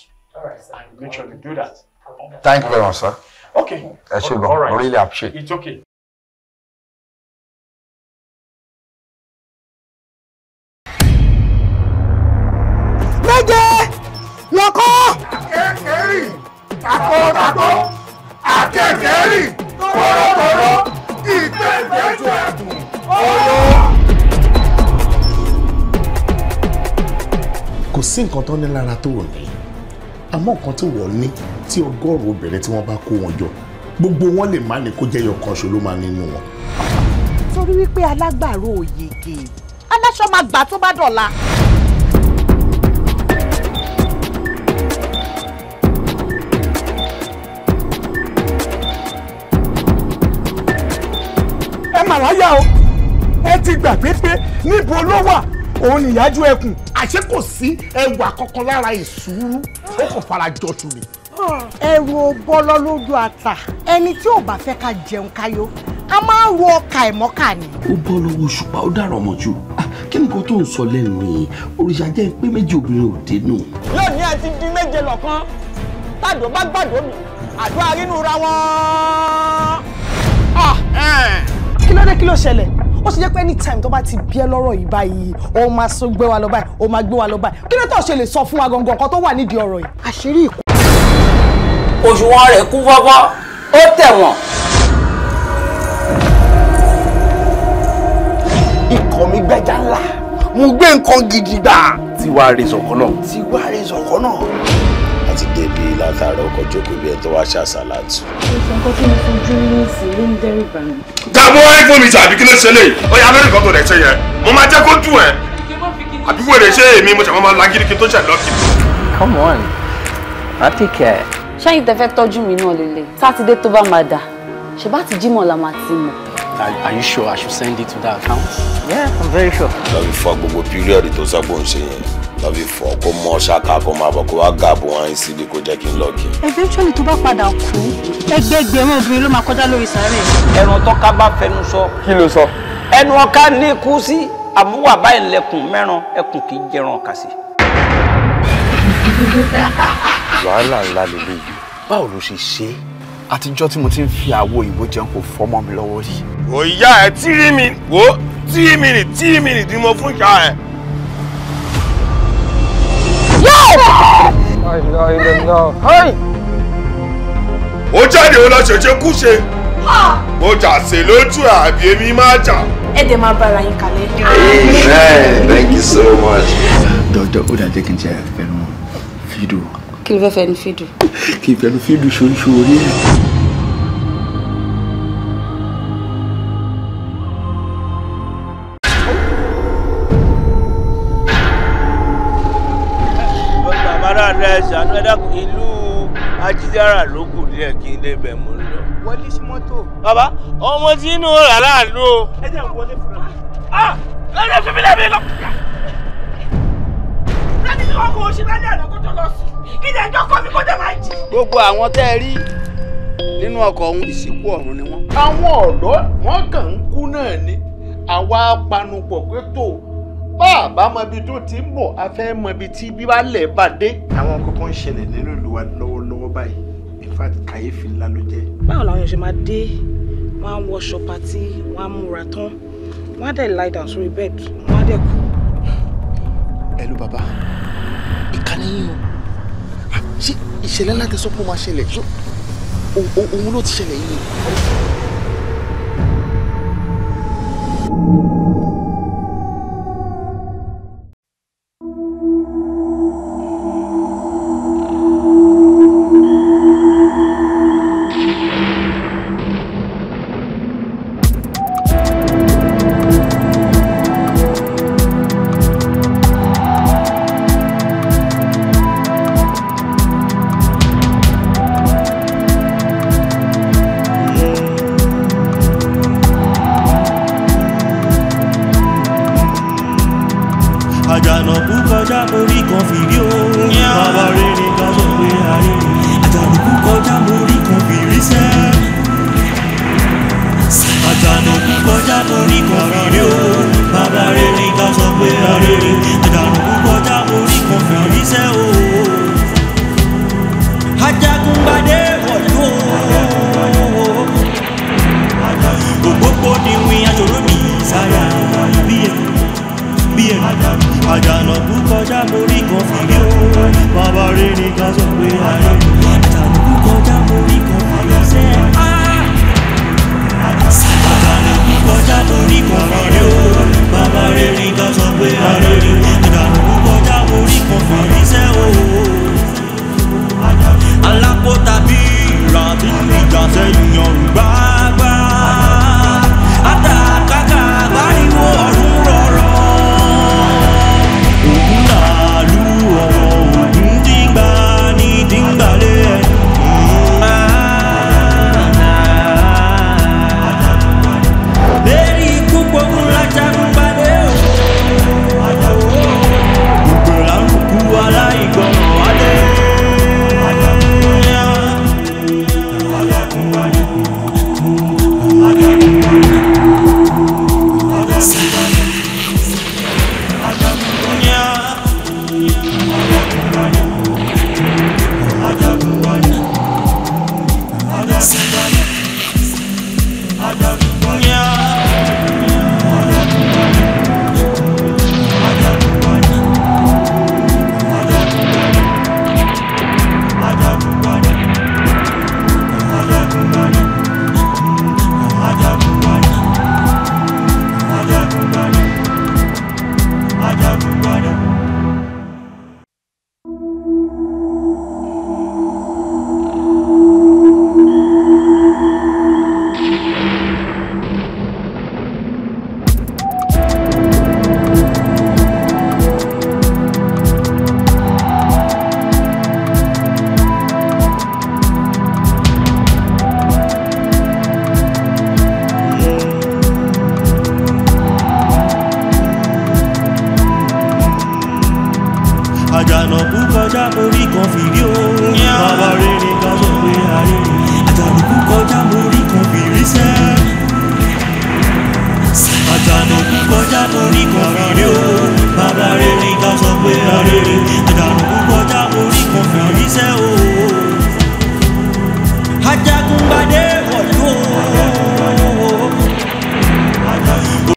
Speaker 1: and make sure you do that. thank you very much sir. okay. ẹ ṣe gbọ́n really appreciate. it's okay. nǹkan tó ní lára tó ò ní àmọ́ nǹkan tí wọ́n ní tí ọgọ́rùn-ún obìnrin tí wọ́n bá kó wọn jọ gbogbo wọn lè má ní kó jẹ́ yọ kan ṣo máa nínú wọn. torí wípé alágbàro ò yege aláṣọ máa gbà tó bá dọ̀la. ẹ mà láyà o ẹ ti gbàgbé pé níbo ló wà òun nìyájú ẹkùn àṣé kò sí ẹwà kankan lára ìṣúrú ó kò fara jọ tù mí. ẹ̀rù bọ́lọ́ lójú ata ẹni tí ò bá fẹ́ ká jẹun káyó a máa ń wo ọkà ìmọ́kà ni. ó bọ́ lọ́wọ́ ṣùpá ó dára ọmọ jù ah, kí nǹkan tó ń sọ lẹ́nu yìí òrìṣà jẹ́ pé méjì obìnrin ò dénú. lónìí àti di méje lọ́kàn tàdó bá gbàdó mi àdó arínú ra wọn. Ah, eh. kí ló dé kí ló ṣẹlẹ̀ ó ṣe jẹ́ pé anytime tó bá ti bí ẹ lọ́rọ̀ yìí báyìí ó máa so gbé wa lọ báyìí ó máa gbé wa lọ báyìí kí ló tó ṣe lè sọ fún wa gangan kan tó wà nídìí ọ̀rọ̀ yìí. àṣírí ìkú. òṣùwọ̀n rẹ̀ kú fọ́fọ́ ó tẹ̀wọ̀n. ikọ̀ mi gbẹ́jà ńlá mo gbé nǹkan gidi gbà. tiwa resọ̀kọ náà. tiwa resọ̀kọ náà ti débi látàárọ̀ ọkọ̀ jókòó ibi ẹ̀ tó wá ṣàṣàlátù. nǹkan ẹ fún mi jà kí ló ṣe lè ó nǹkan tó rẹ̀ ṣe yẹn mo máa jẹ́ kó dùn ẹ̀ àbí wèrè ṣé èmi mo ṣàmọ́ máa lágídí kí n tó ṣẹ̀ lọ́kì. come on i take care. ṣẹ́yìn tẹ fẹ́ tọ́jú mi náà lélẹ̀ sátidé tó bá máa dà ṣèbá ti jímọ̀ la máa ti mọ̀. Are, you sure I should send it to that account? Yeah, I'm very sure. Lọ fọ gbogbo píríọ̀dù tó sọ́gbọ̀n ṣe yẹn tàbí fọ kó mọ ṣáka kó máa bọ̀ kó wá gàbó wọn ní síbi kó jẹ́ kí n lọ kí. eventually tó bá padà kú ẹgbẹẹgbẹ̀rún obìnrin ló máa kọjá lórí sàárẹ̀. ẹran tọ́ka bá fẹnu sọ. kí ló sọ. ẹnu ọ̀ka ní ikú sí àbúwà báyìí lẹkùn mẹ́ran ẹkùn kì í jẹran ọ̀kà sí. wàhálà ńlá lèlè yìí báwo ló ṣe ṣe é àtijọ́ tí mo ti ń fi àwo ìwé jẹun kò fọ́mọ́ mi lọ́wọ́ rí. òyà ẹ tírí mi wò tírí mi nì tírí mi nì dín mo fún ìyá ẹ ó jáde ó lọ ṣèṣe kúṣe mo jà sí lójú àbí èmi máa jà. ẹ dẹ̀ máa bára yín kalẹ̀. amen thank you so much. dọ́jọ́ ó dàjẹ́ kí n ṣe àfẹnù fídíò. kí ló fẹ́ fẹ́ nu fídíò. kí n fẹ́ nu fídíò ṣoríṣorí ẹ̀.
Speaker 2: Ajídára ló kù díẹ̀ kí n débẹ̀ mò ń lọ.
Speaker 1: Wọlé sí mọ́tò. Bàbá, ọmọ tí inú rà láàánú o. Ẹ jẹ́ wọlé fúnra. Ah! Lọ́dọ̀ fi mí lẹ́bi lọ. Láti fi ọkọ̀ oṣù lálẹ́ àná kó tó lọ sùn. Kí ni ẹjọ́ kọ́ mi kó dẹ̀ máa jì? Gbogbo àwọn tẹ́ ẹ rí nínú ọkọ̀ ọ̀hún ìsìnkú ọ̀run ni wọ́n. Àwọn ọ̀dọ́ wọn kàn ń kú náà ni. Àwa panupọ̀ pé tó bá a bá mọ ibi tó ti ń bọ̀ a fẹ́ mọ ibi tí bíbálẹ̀ bá dé. àwọn kókó ń ṣẹlẹ̀ nínú ìlú wa lọ́wọ́lọ́wọ́ báyìí in fact kàyéfì ńlá ló jẹ́. báwo làwọn èèyàn ṣe máa dé wọn á wọṣọ pàtí wọn á múra tán wọn á dẹ̀ lie down sórí bed wọn á dẹ̀ kú. ẹ ló bàbá ìkànnìyàn ṣé ìṣẹ̀lẹ̀ ńlá tẹ̀sán pọ̀ máa ṣẹlẹ̀ òun ló ti ṣẹlẹ̀ yìí. thank you